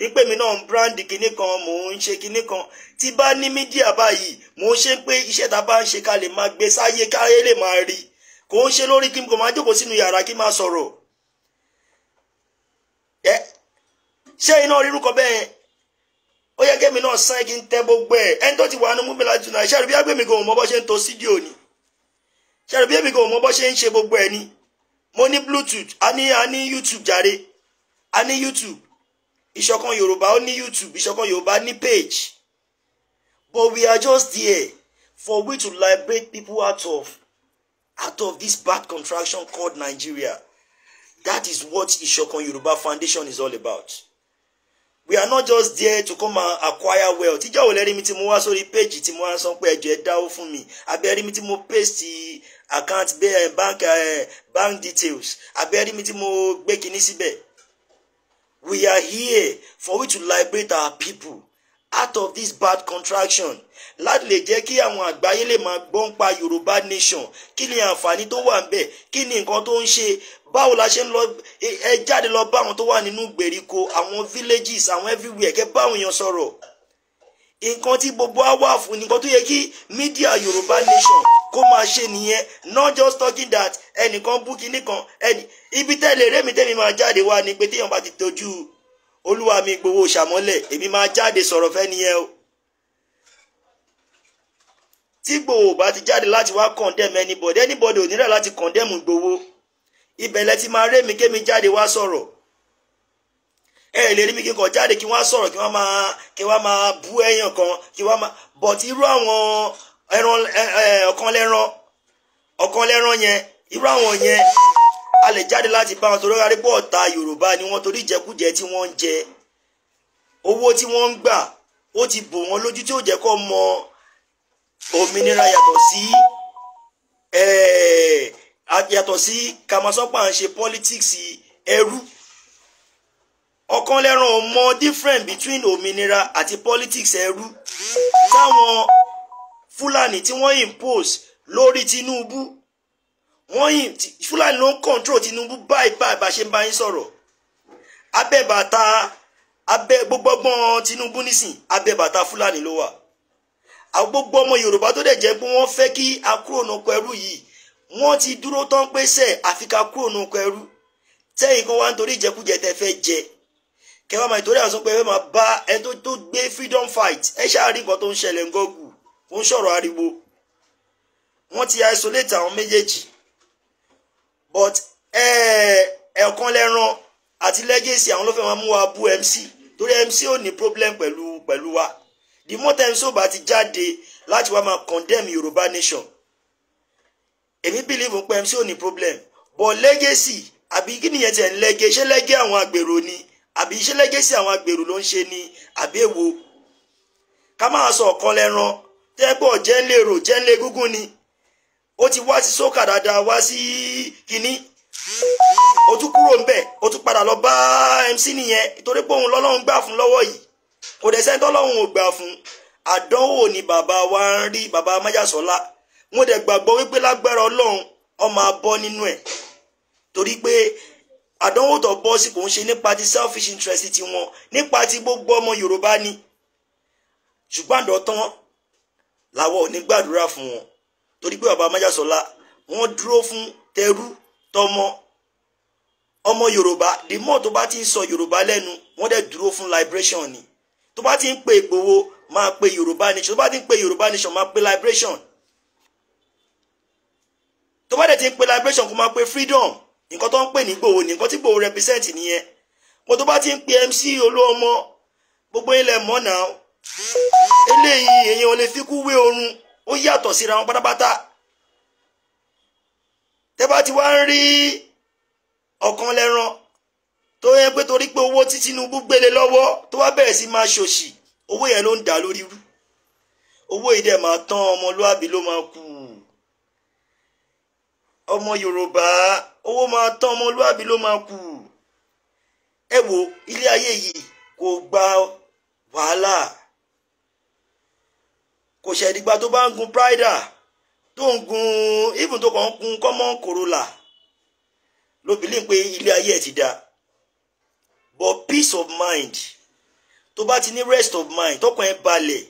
ipe mi náà ń brand kinní kan mò ń ṣe kinní kan tí bá ní mídíà báyìí mò ń ṣe pé iṣẹ́ ta bá ń ṣe ká lè máa gbé sáyé káyé lè máa rí kò ń ṣe lórí kí n kò máa jókòó sínú yàrá kí n máa sọ̀rọ̀ ẹ ṣé iná rírú kan bẹ́ẹ̀ ó yẹ kémi náà sàn kí n tẹ gbogbo ẹ ẹni tó ti wà nínú múmi láti tún náà ṣáà rí bí agbèmí gan mọ bó ṣe ń to sídìò ni ṣẹlẹ̀ bí èmi kò mọ bó ṣe ń ṣe gbogbo ẹ̀ ni mo ní bluetooth a ní a ní youtube jàre a ní youtube ìṣọ̀kan yorùbá ó ní youtube ìṣọ̀kan yorùbá ní page but we are just there for we to liberate people out of out of this bad contraction called nigeria that is what ìṣọ̀kan yorùbá foundation is all about we are not just there to come and acquire wealth ìjọ wo lẹ́rìí tí mo wá sórí péjì tí mo wá sọ pé ẹjọ́ ẹ dáwó fún mi àbí ẹ̀rí mi tí mo paste account bẹ́ẹ̀ eh, bank eh, bank details abẹ́rí mi tí mo gbé kinní síbẹ̀ we are here for we to liberate our people out of this bad contraction láti lè jẹ́ kí àwọn àgbáyé lè máa gbọ́ ń pa Yorùbá nation kí ni àǹfààní tó wà ńbẹ̀ kí ni nǹkan tó ń ṣe báwo la ṣe ń lọ ẹ jáde lọ bá àwọn tó wà nínú gbèríko àwọn villages àwọn everywhere kẹ́ báwọn èèyàn sọ̀rọ̀ nǹkan tí gbogbo á wà fún nǹkan tó yẹ kí media yorùbá nation kó máa ṣe nìyẹn not just talking that ẹnìkan bú kinní kan ẹnì ibi tẹ́lẹ̀ rémi tẹ́mi máa jáde wá ni pé téèyàn bá ti tọ́jú olúwa mi gbowó ṣàmọ́lẹ̀ èmi máa jáde sọ̀rọ̀ fẹ́ nìyẹn o tí gbòòwò bá ti jáde láti wá condemn anybody anybody ò nílẹ̀ láti condemn gbowó ibẹ̀ ti máa rémi kémi jáde wá sọ̀rọ̀ ẹ lè rí mi kí n kọ jáde kí wọ́n á sọ̀rọ̀ kí wọ́n máa kí wọ́n máa bú ẹyàn kan kí wọ́n máa but irú àwọn ẹran ọ̀kan lẹ́ran ọ̀kan lẹ́ran yẹn irú àwọn yẹn a lè jáde láti bá wọn torí arígbó ọ̀tá Yorùbá ni wọ́n torí ìjẹkújẹ tí wọ́n ń jẹ owó tí wọ́n ń gbà ó ti bò wọ́n lójú tí ó jẹ́ kó mọ òmìnira yàtọ̀ sí yàtọ̀ sí kàmásọ́pà ń ṣe politics ẹrú. Si, eh, Ọ̀kànlẹ́ràn ò mọ different between òmìnira àti politics ẹrú táwọn Fúlàní tí wọ́n impose lórí Tinubu wọ́n Fúlàní ló ń control Tinubu báyìí báyìí bá ṣe ń bá yín sọ̀rọ̀ abẹ́bàtà abẹ́ gbogbogbọ́n Tinubu nísìn abẹ́bàtà Fúlàní ló wà àwọn gbogbo ọmọ Yorùbá tó dẹ̀ jẹ́ pé wọ́n fẹ́ kí akúrònàkọ ẹrú yìí wọ́n ti dúró tán pé sẹ́ẹ̀ àfikà kúrònàkọ ẹrú tẹ́yìn kan wá nítorí ìjẹkújẹ tẹ́ fẹ́ jẹ kẹwàá máa ìtòrí àwọn sọ pé ẹ máa bá ẹ tó tó gbé freedom fight ẹ ṣáàrí nǹkan tó ń ṣẹlẹ̀ ń gọ́gù ó ń sọ̀rọ̀ ariwo wọ́n ti isolate àwọn méjèèjì but ẹ̀ẹ̀kan lẹ́ran àti legacy àwọn ló máa mú wa bú MC torí MC ò ní problem pẹ̀lú pẹ̀lú wa the more time so bá ti jáde láti wá máa condemn Yorùbá nation èmi believe pé MC ò ní problem but legacy àbí kí nìyẹn tẹ̀ ń lẹ́gẹ̀ ṣé lẹ́gẹ̀ àwọn àgbèrò ni àbí iṣẹ́ lẹ́gẹ́sì àwọn agbèrò ló ń ṣe ni àbí èwo ká máa sọ ọ̀kan lẹ́ran tẹ́gbọ̀ jẹ́ńlérò jẹ́ńlé gúngún ni ó ti wá sí sókà dáadáa wá sí kínní ó tún kúrò ń bẹ̀ ó tún padà lọ bá MC nìyẹn torí pé òun lọ́lọ́run gbà fún lọ́wọ́ yìí kò dẹ̀ sẹ́ni tọ́lọ́run ò gbà fún àdánwò ni bàbá wa ń rí bàbá májàsọ́lá mo dẹ̀ gbàgbọ́ wípé lágbára ọlọ́run ọmọ abọ́ nínú ẹ̀ torí pé àdánwò tó bọ́ sí kò ń ṣe nípa ti selfish interest ti wọn nípa ti gbogbo ọmọ Yorùbá ni ṣùgbọ́n àdọ́tán làwọn ò ní gbàdúrà fún wọn torí pé bàbá Májàsọ́lá wọ́n dúró fún tẹrú tọmọ ọmọ Yorùbá the more tó bá ti ń sọ Yorùbá lẹ́nu wọ́n dẹ̀ dúró fún liberation ni tó bá ti ń pe Ìgbòho máa pe Yorùbá nation tó bá ti ń pe Yorùbá nation máa pe liberation tó bá dẹ̀ ti ń pe liberation kó máa pe freedom nǹkan tó ń pè ní gbòho nǹkan tí gbòho represent nìyẹn mo tó bá ti ń pe MC Olúọmọ gbogbo ilẹ̀ mọ́ náà eléyìí èèyàn ò lè fi kú wé oorun ó yàtọ̀ síra wọn pátápátá tẹ́ bá ti wá ń rí ọ̀kan lẹ́ran tó yẹ pé torí pé owó tí Tinubu gbélé lọ́wọ́ tó wá bẹ̀rẹ̀ sí máa ṣòṣì owó yẹn ló ń dà lórí rú owó ìdẹ̀ máa tán ọmọlúàbí ló máa kú ọmọ yorùbá owó máa tán ọmọlúwàbí ló máa kù ẹ wo ilé ayé yìí kò gba wàhálà kò ṣẹ̀dígba tó bá ń gun prida tó ń gun even tó kàn ń gun common corolla lóbìnrin pé ilé ayé ẹ̀ ti da but peace of mind tó bá ti ní rest of mind tọkàn ẹ balẹ̀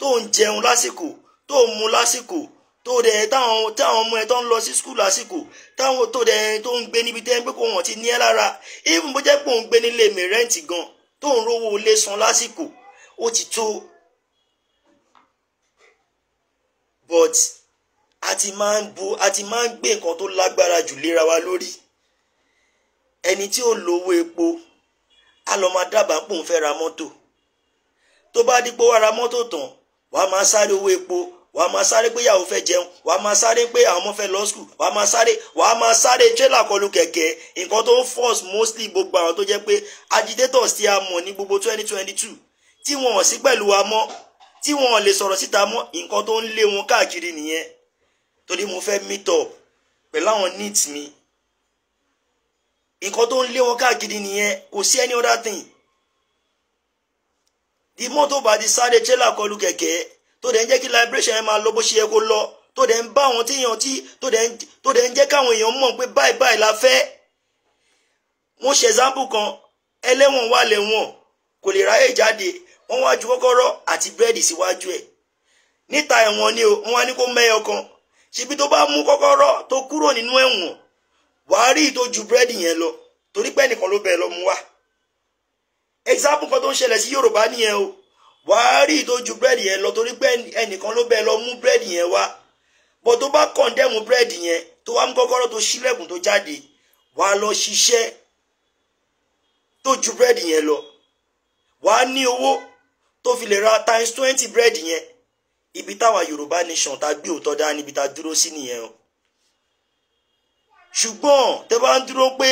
tó ń jẹun lásìkò tó ń mu lásìkò tó dẹ̀ táwọn táwọn ọmọ ẹ tó ń lọ sí skul lásìkò táwọn tó dẹ̀ tó ń gbé níbi tẹ́ ń pé kó wọ́n ti ní ẹ́ lára even bó jẹ́ pé òun gbé nílé mi rẹ́ǹtì gan tó ń rówó ilé san lásìkò ó ti tó but a ti máa ń bu a ti máa ń gbé nǹkan tó lágbára jù léra wa lórí ẹni tí ó lówó epo a lọ máa dábàá pòun fẹ́ ra mọ́tò tó bá dípò wá ra mọ́tò tán wàá máa sáré owó epo wàá máa sáré pé ìyàwó fẹ́ jẹun wàá máa sáré pé àwọn ọmọ fẹ́ lọ skul wàá máa sáré wàá máa sáré tírélà kọlù kẹ̀kẹ́ nǹkan tó ń force mostly gbogbo àwọn tó jẹ́ pé agitators tí a mọ̀ ní gbogbo twenty twenty two tí wọn sí pẹ̀lú wa mọ́ tí wọn lè sọ̀rọ̀ síta mọ́ nǹkan tó ń lé wọn káàkiri nìyẹn torí mo fẹ́ meet up pẹ̀lú àwọn needs mi nǹkan tó ń lé wọn káàkiri nìyẹn kò sí any other thing ìmọ̀ tó bá ti sáré tírélà kọlù kẹ̀kẹ́ tó dẹ̀ ń jẹ́ kí liberation yẹn máa lọ bó ṣe yẹ kó lọ tó dẹ̀ ń bá àwọn téèyàn tí tó dẹ̀ ń jẹ́ káwọn èèyàn mọ̀ pé báyìí báyìí la fẹ́ mo ṣe example kan ẹlẹ́wọ̀n wà lẹ́wọ̀n kò lè ráyè jáde wọ́n wá ju kọ́kọ́rọ́ àti búrẹ́dì síwájú ẹ̀ níta ẹ̀wọ̀n ni o wọ́n wá ní kó mẹ́yọ kan ṣebí tó bá mú kọ́kọ́rọ́ tó kúrò nínú ẹ̀wọ̀n wàá rí tó ju búrẹ́dì yẹn lọ torí pé ẹnìkan ló bẹ̀ lọ mú wá example kan tó ń ṣẹlẹ̀ sí Yorùbá nìyẹn o wà á rí ìtọ́jú búrẹ́dì yẹn lọ torí pé ẹnìkan ló bẹ́ẹ̀ lọ mú búrẹ́dì yẹn wá bọ́ tó bá kọ̀ǹdẹ́mù búrẹ́dì yẹn tó wá mú kọ́kọ́rọ́ tó ṣílẹ̀kùn tó jáde wà á lọ ṣiṣẹ́ tó ju búrẹ́dì yẹn lọ wà á ní owó tó fi lè ra times twenty búrẹ́dì yẹn ibi táwa Yorùbá nation ta gbé òótọ́ dá níbi ta dúró sí nìyẹn o ṣùgbọ́n tẹ́ bá ń dúró pé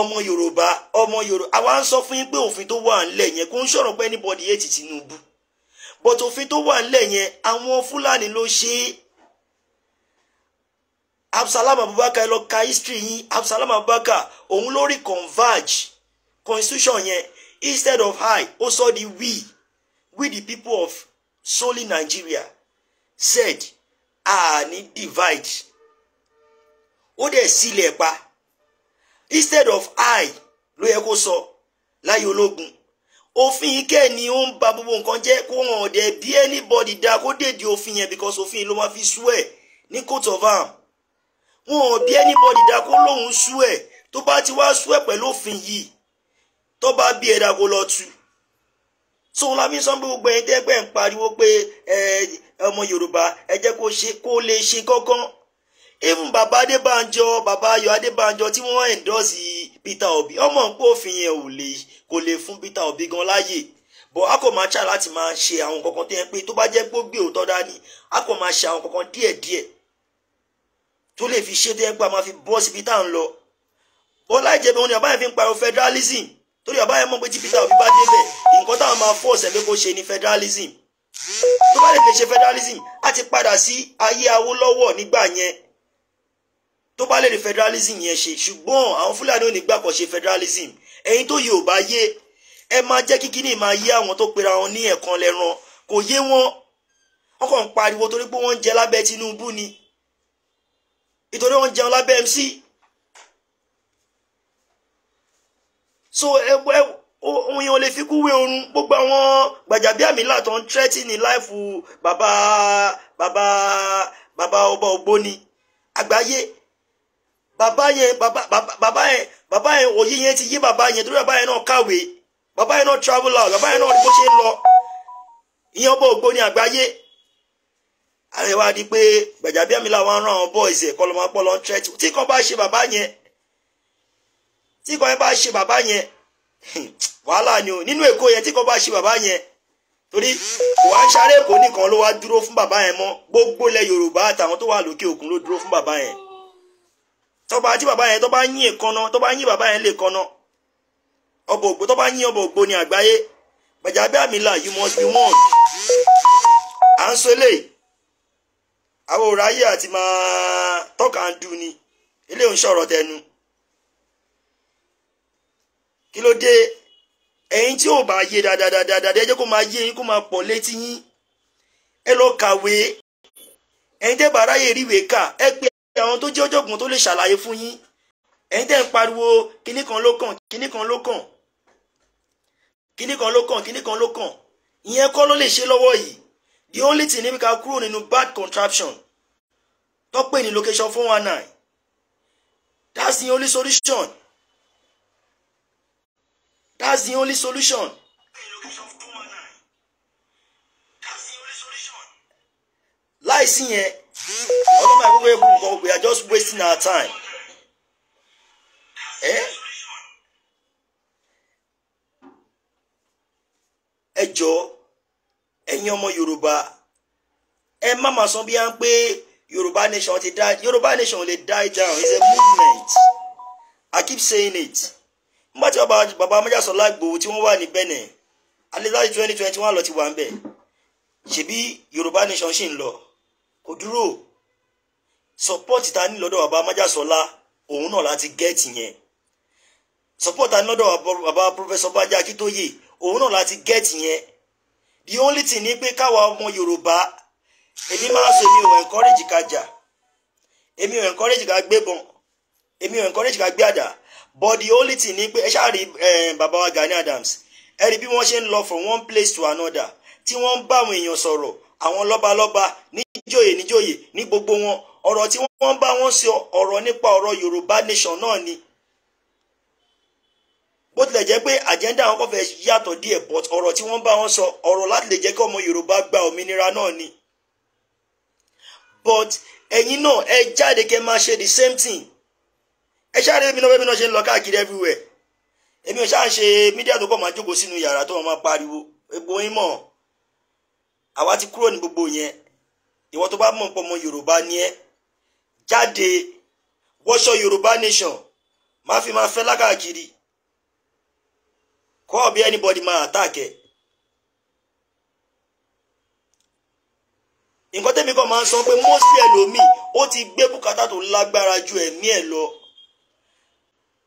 ọmọ yorùbá ọmọ yorùbá àwa ń sọ fún yín pé òfin tó wà ńlẹ̀ yẹn kò ń sọ̀rọ̀ pé anybody hate Tinubu but òfin tó wà ńlẹ̀ yẹn àwọn fúlàní ló ṣe é absalam abubakar ẹ lọ ka history yín absalam abubakar òun ló rí converge constitution yẹn instead of i ó sọ di we we the people of solely Nigeria said ah, ní divide ó dẹ̀ sílẹ̀ pa instead of i ló yẹ kó sọ láyé ológun òfin ike ni ó ń ba gbogbo nǹkan jẹ́ kó hàn ọ̀dẹ̀ bí anybody dá kó dèdè òfin yẹn because òfin ló máa fi sú ẹ̀ ní court of arm wọn ò bí anybody dá kó lóun sú ẹ̀ tó bá ti wá sú ẹ̀ pẹ̀lú òfin yìí tó bá bí ẹ̀dá kó lọ tu so lábí sọ pé gbogbo ẹ̀yin tẹ́gbẹ́ ń pariwo pé ọmọ yorùbá ẹ jẹ́ kó lè ṣe kọ́kán even Baba Adébánjọ bàbá Ayọ̀ Adébánjọ tí wọ́n endorse Peter Obi ọmọ nǹkó òfin yẹn ò lè kò lè fún Peter Obi gan láàyè bọ̀ a kò máa ṣà láti máa ṣe àwọn kankan tó yẹn pé tó bá jẹ́ gbógbé òótọ́ dání a kò máa ṣe àwọn kankan díẹ̀díẹ̀ tó lè fi ṣe tó yẹn pé a máa fi bọ́ síbi tá ń lọ Bọ́lá Ìjẹ̀bú ni bàbá yẹn fi ń pariwo federalism torí bàbá yẹn mọ̀ pé tí Peter Obi bá débẹ̀ nǹkan táwọn máa fọ́ ọ̀sẹ̀ pé kó ṣe ni federalism tó bá lè fi ṣe federalism á ti padà sí ayé Awólọ́wọ̀ nígbà yẹn tó bá lè rí federalism yẹn ṣe ṣùgbọ́n àwọn fúlàní ò ní gbàgbọ́ ṣe federalism ẹ̀yin tó yẹ ò bá yé ẹ máa jẹ́ kí kíní máa yé àwọn tó pera wọn ní ẹ̀kan lẹ́ran kò yé wọn wọn kàn ń pariwo torí pé wọ́n ń jẹ lábẹ́ Tinubu ni ìtorí wọ́n ń jẹun lábẹ́ MC so ẹgbẹ́ ohun yẹn ò lè fi kú wé oorun gbogbo àwọn Gbajabiamila tó ń tírẹ́tìnì láìfù bàbá bàbá bàbá ọba ògbóni àgbáyé bàbá yẹn bàbá bàbá yẹn bàbá yẹn òye yẹn ti yé bàbá yẹn torí bàbá yẹn náà kàwé bàbá yẹn náà travel out bàbá yẹn náà bó ṣe ń lọ ìyẹn ọba ògbó ní àgbáyé àríwá di pé Gbajabiamila wọn rán àwọn boys ẹ kọlọmọ ọpọlọ ń tẹrẹtì tí kan bá ṣe bàbá yẹn tí kan bá ṣe bàbá yẹn wàhálà ni o nínú èkó yẹn tí kan bá ṣe bàbá yẹn torí ìwà ń sáré nìkan ló wá dúró fún bàbá yẹn mọ́ gbogbo ilẹ̀ Yorùbá àtàwọn tó wà lókè òkun ló dúró fún bàbá yẹn tó bá tí bàbá yẹn tó bá yín èkánná tó bá yín bàbá yẹn lè kánná ọba ògbó tó bá yín ọba ògbó ní àgbáyé gbàjábẹ́ àmìlà you must be warned à ń sọ eléyìí àwọn òrò ayé àti máa tọ́ka ń dùn ni eléyìí ń sọ̀rọ̀ tẹnu kí ló dé ẹ̀yin tí ò bá yé dáadáa ẹ jẹ́ kó máa yé yín kó máa pọ̀ létí yín ẹ lọ kàwé ẹ̀yin tẹ́ bá ráyè ríwèé kà ẹ pé àwọn tó jẹ́ ọ̀jọ̀gbọ́n tó lè ṣàlàyé fún yín ẹ̀yin tẹ́ ń pariwo kinní kan ló kàn kinní kan ló kàn kinní kan ló kàn kinní kan ló kàn ìyẹn kọ́ ló lè ṣe lọ́wọ́ yìí the only thing ni ká kúrò nínú bad contraption tó pè ní location four one nine that's the only solution that's the only solution. láìsí yẹn ọdún máa gbogbo we are just wasting our time. Eh? Ejo, ẹ̀yin ọmọ Yorùbá ẹ má máa sọ bí à ń pé Yorùbá nation ti die Yorùbá nation lè die down it's a movement I keep saying it nígbà tí bàbá amájàsọlá Ìgbòho tí wọ́n wà ní Benin alẹ́ láti twenty twenty one lọ ti wà ń bẹ̀ ṣebí Yorùbá nation ṣì ń lọ kò dúró support ta ní lọ́dọ̀ bàbá májàsọ́lá òun náà láti gẹ́ẹ̀tì yẹn support ta ní lọ́dọ̀ bàbá professor bájá akíntóyè òun náà láti gẹ́ẹ̀tì yẹn the only thing ni pé káwa ọmọ yorùbá èmi máa sọ èmi ò encourage ká jà èmi ò encourage ká gbébọn èmi ò encourage ká gbé but the only thing ni pé ẹ ṣáà rí bàbá wa Gani Adams ẹ rí bí wọ́n ṣe ń lọ from one place to another tí wọ́n ń bá àwọn èèyàn sọ̀rọ̀ àwọn lọ́balọ́ba ní níjòyè níjòyè ní gbogbo wọn ọ̀rọ̀ tí wọ́n bá wọn sọ ọ̀rọ̀ nípa ọ̀rọ̀ Yorùbá nation náà ni bó tilẹ̀ jẹ́ pé àjẹ́ndà àwọn kò yàtọ̀ díẹ̀ but ọ̀rọ̀ tí wọ́n bá wọn sọ ọ̀rọ̀ láti lè jẹ́ kí ọmọ Yorùbá gba òmìnira náà ni but ẹ̀yin náà ẹ jáde kẹ́ máa ṣe the same thing ẹ ṣáàrẹ mi náà bẹ́ẹ̀ mi náà ṣe ń lọ káàkiri everywhere èmi ò ṣáà ṣe mídíà tó kọ̀ máa jókòó sínú yàrá tó máa pariwo egbò yín mọ̀ àwa ti kúrò ní gbogbo yẹn ìwọ tó bá mọ̀ pọ̀ ọmọ yorùbá ni ẹ́ jáde wọṣọ yorùbá nation má fi máa fẹ́ lákàkiri kọ́ ọ̀bí anybody máa àtàkẹ́. nǹkan tẹ́mi kan máa ń sọ pé mọ́sí ẹlòmíì ó ti gbé bùkátà tó lágbára ju ẹ̀mí ẹ̀ lọ.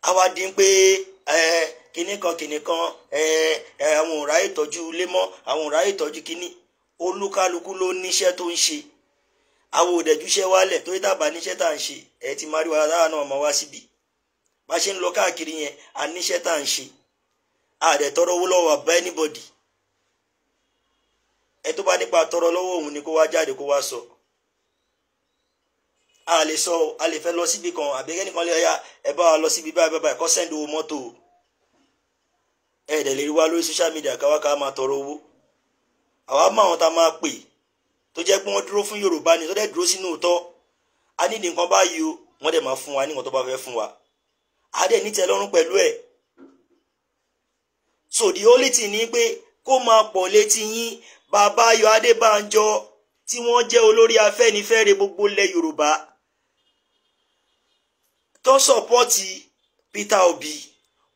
àwa di pé kinní kan kinní kan àwọn ò ráyè tọ́jú ilé mọ́ àwọn ò ráyè tọ́jú kinní olúkálukú ló níṣẹ́ tó ń ṣe. àwọn òdẹ̀júṣẹ́ wálẹ̀ torí tàbá níṣẹ́ tá à ń ṣe ẹ̀ ti máa rí wàhálà táwa náà máa síbi bá ṣe ń lọ káàkiri yẹn a níṣẹ́ tá à ń ṣe tọrọ owó lọ́wọ́ àbá anybody ẹ tó bá tọrọ lọwọ òun ni kó wá jáde kó wá a lè sọ a lè fe lọ síbi kan àbí kẹ́nìkan lè ya ẹ bá wa lọ síbi báyìí báyìí kọ́ sẹ́ndì owó mọ́tò lè rí wa lórí káwá tọrọ owó àwa máa wọn ta máa pè tó jẹ́ pé wọ́n dúró fún Yorùbá ni tó dẹ̀ dúró sínú òótọ́ a ní nǹkan báyìí o wọ́n dẹ̀ máa fún wa ní tó bá fẹ́ fún wa a dẹ̀ ní tẹ́lọ́rùn pẹ̀lú ẹ̀ so the only thing ni pé kó máa pọ̀ létí yín bàbá Ayọ̀ Adébánjọ tí wọ́n jẹ́ olórí Afẹ́nifẹ́re gbogbo ilẹ̀ Yorùbá tó sọ̀pọ́ọ̀tì Peter Obi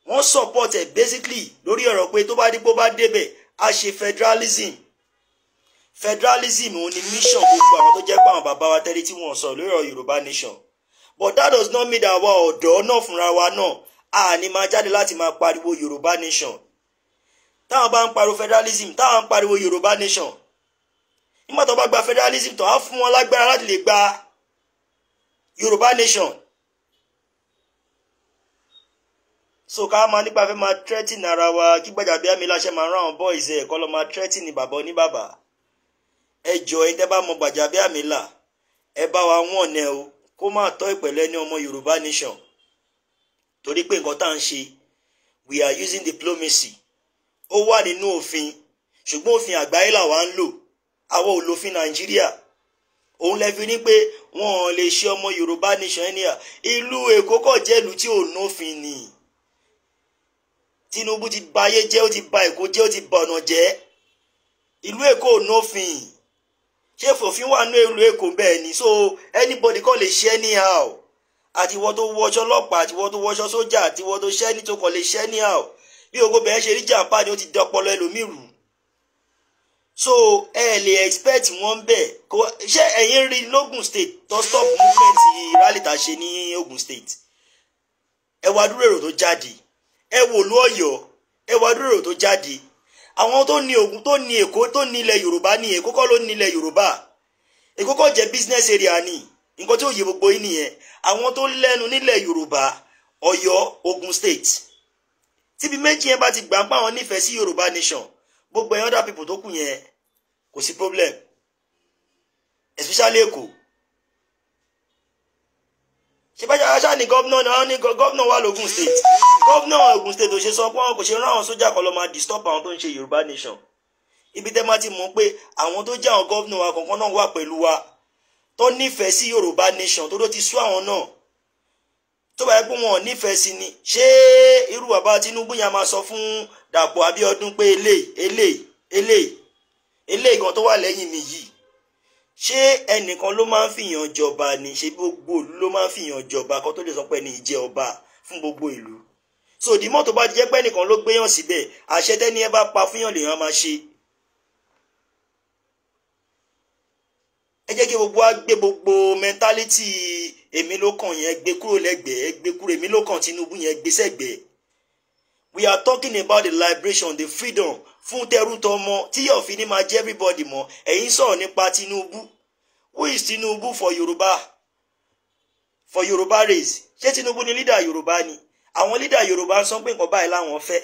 wọ́n sọ̀pọ́ọ̀tì ẹ̀ basically lórí ọ̀rọ̀ pé tó bá dípò bá débẹ̀ a ṣe federalism federalism òun ni mission gbogbo àwọn tó jẹ́ pé àwọn bàbá wa tẹ́lẹ̀ tí wọ́n sọ lórí yorùbá nation but that does not mean that àwa ọ̀dọ́ náà fúnra wa náà a ní máa jáde láti máa pariwo yorùbá nation táwọn bá ń pariwo federalism táwọn ń pariwo yorùbá nation nígbà tó bá gba federalism tó á fún wọn lágbára láti lè gba yorùbá nation so ká máa nípa fẹ́ máa threatening ara wa kí Gbajabiamila ṣe máa rán àwọn boys ẹ̀ kọ́ lọ́ máa threatening bàbá oníbàbà ẹ jọ ẹ tẹ́ bá mọ Gbajabiamila ẹ bá wa wọ́n ọ̀nẹ́ o kó má tọ́ ìpẹ̀lẹ́ ní ọmọ Yorùbá nation torí pé nǹkan tá à ń ṣe we are using diplomacy ó wà nínú òfin ṣùgbọ́n òfin àgbáyé làwa ń lò àwa ò lòfin Nàìjíríà òun lẹ́fi ní pé wọn ò lè ṣe ọmọ Yorùbá nation ẹni à ìlú Èkó kọ̀ jẹ́ ìlú tí ò nófin ni Tinubu ti ba ayé jẹ́ ó ti ba Èkó jẹ́ ó ti ba ọ̀nà jẹ́ ìlú Èkó ò nófin. No ṣé fòfin wà ní ìlú èkó bẹ́ẹ̀ ni so anybody kò lè ṣe anyhow àtiwọ́ tó wọṣọ ọlọ́pàá àtiwọ́ tó wọṣọ sójà àtiwọ́ tó ṣẹ́ ní tó kọ̀ lè ṣe anyhow bí ogo bẹ́ẹ̀ ṣe rí jàpá ni ó ti dọpọlọ ẹlòmíì rù so ẹ lè expect wọn bẹ́ẹ̀ kò ṣé ẹ̀yin rí lógùn state tó stop movement rally tá a ṣe ní Ògùn state ẹ wá dúró èrò tó jáde ẹ wò lú Ọ̀yọ́ ẹ wá dúró èrò tó jáde àwọn tó ní Ògùn tó ní Èkó tó ní ilẹ̀ Yorùbá ní Èkó kọ́ ló ní Yorùbá Èkó kọ́ jẹ́ business area ni nǹkan tí yẹ gbogbo yìí nìyẹn àwọn tó lẹ́nu nílẹ̀ Yorùbá Ọ̀yọ́ Ògùn state tíbi méjì yẹn bá ti gbà ń pa àwọn nífẹ̀ẹ́ sí Yorùbá nation gbogbo ẹ̀yán dà pípò tó kù yẹn kò sí problem especially Èkó ṣèbájá aṣá ni gómìnà ni wọn ní gómìnà wà lógùn state gómìnà Ògùn state ò ṣe sọ pé wọn kò ṣe rán àwọn sójà kan lọ máa disturb àwọn tó ń ṣe Yorùbá nation ibi tẹ́ máa ti mọ̀ pé àwọn tó jẹ́ àwọn gómìnà wa kọ̀ọ̀kan náà wà pẹ̀lú wa tó nífẹ̀ẹ́ sí Yorùbá nation tó ló ti sú àwọn náà tó bá yẹ pé wọn ò nífẹ̀ẹ́ sí ni ṣé irú bàbá Tinubu yẹn máa sọ fún Dàpọ̀ Abíọ́dún pé eléyìí eléyìí eléyìí eléyìí gan tó wà lẹ́yìn mi ṣé ẹnìkan ló máa ń fìyàn jọba ni ṣé gbogbo ìlú ló máa ń fìyàn jọba kó tó lè sọ pé ẹni ìjẹ ọba fún gbogbo ìlú so ìdìmọ̀ tó bá jẹ́ pé ẹnìkan ló gbéyàn síbẹ̀ àṣẹ tẹ́ni ẹ bá pa fúnyàn lèèyàn máa ṣe ẹ jẹ́ kí gbogbo wa gbé gbogbo mẹ́ńtálítì èmi ló yẹn gbé kúrò lẹ́gbẹ̀ẹ́ gbé kúrò èmi ló Tinubu yẹn gbé sẹ́gbẹ̀ẹ́ we are talking about the liberation the freedom fún tẹrútọmọ tí òfin ní máa jẹ́ everybody mọ́ ẹ̀yin sọ̀rọ̀ nípa Tinubu who is Tinubu for Yoruba? for Yoruba race ṣé Tinubu ni leader Yorùbá ni àwọn leader Yorùbá ń sọ pé nǹkan báyìí láwọn fẹ́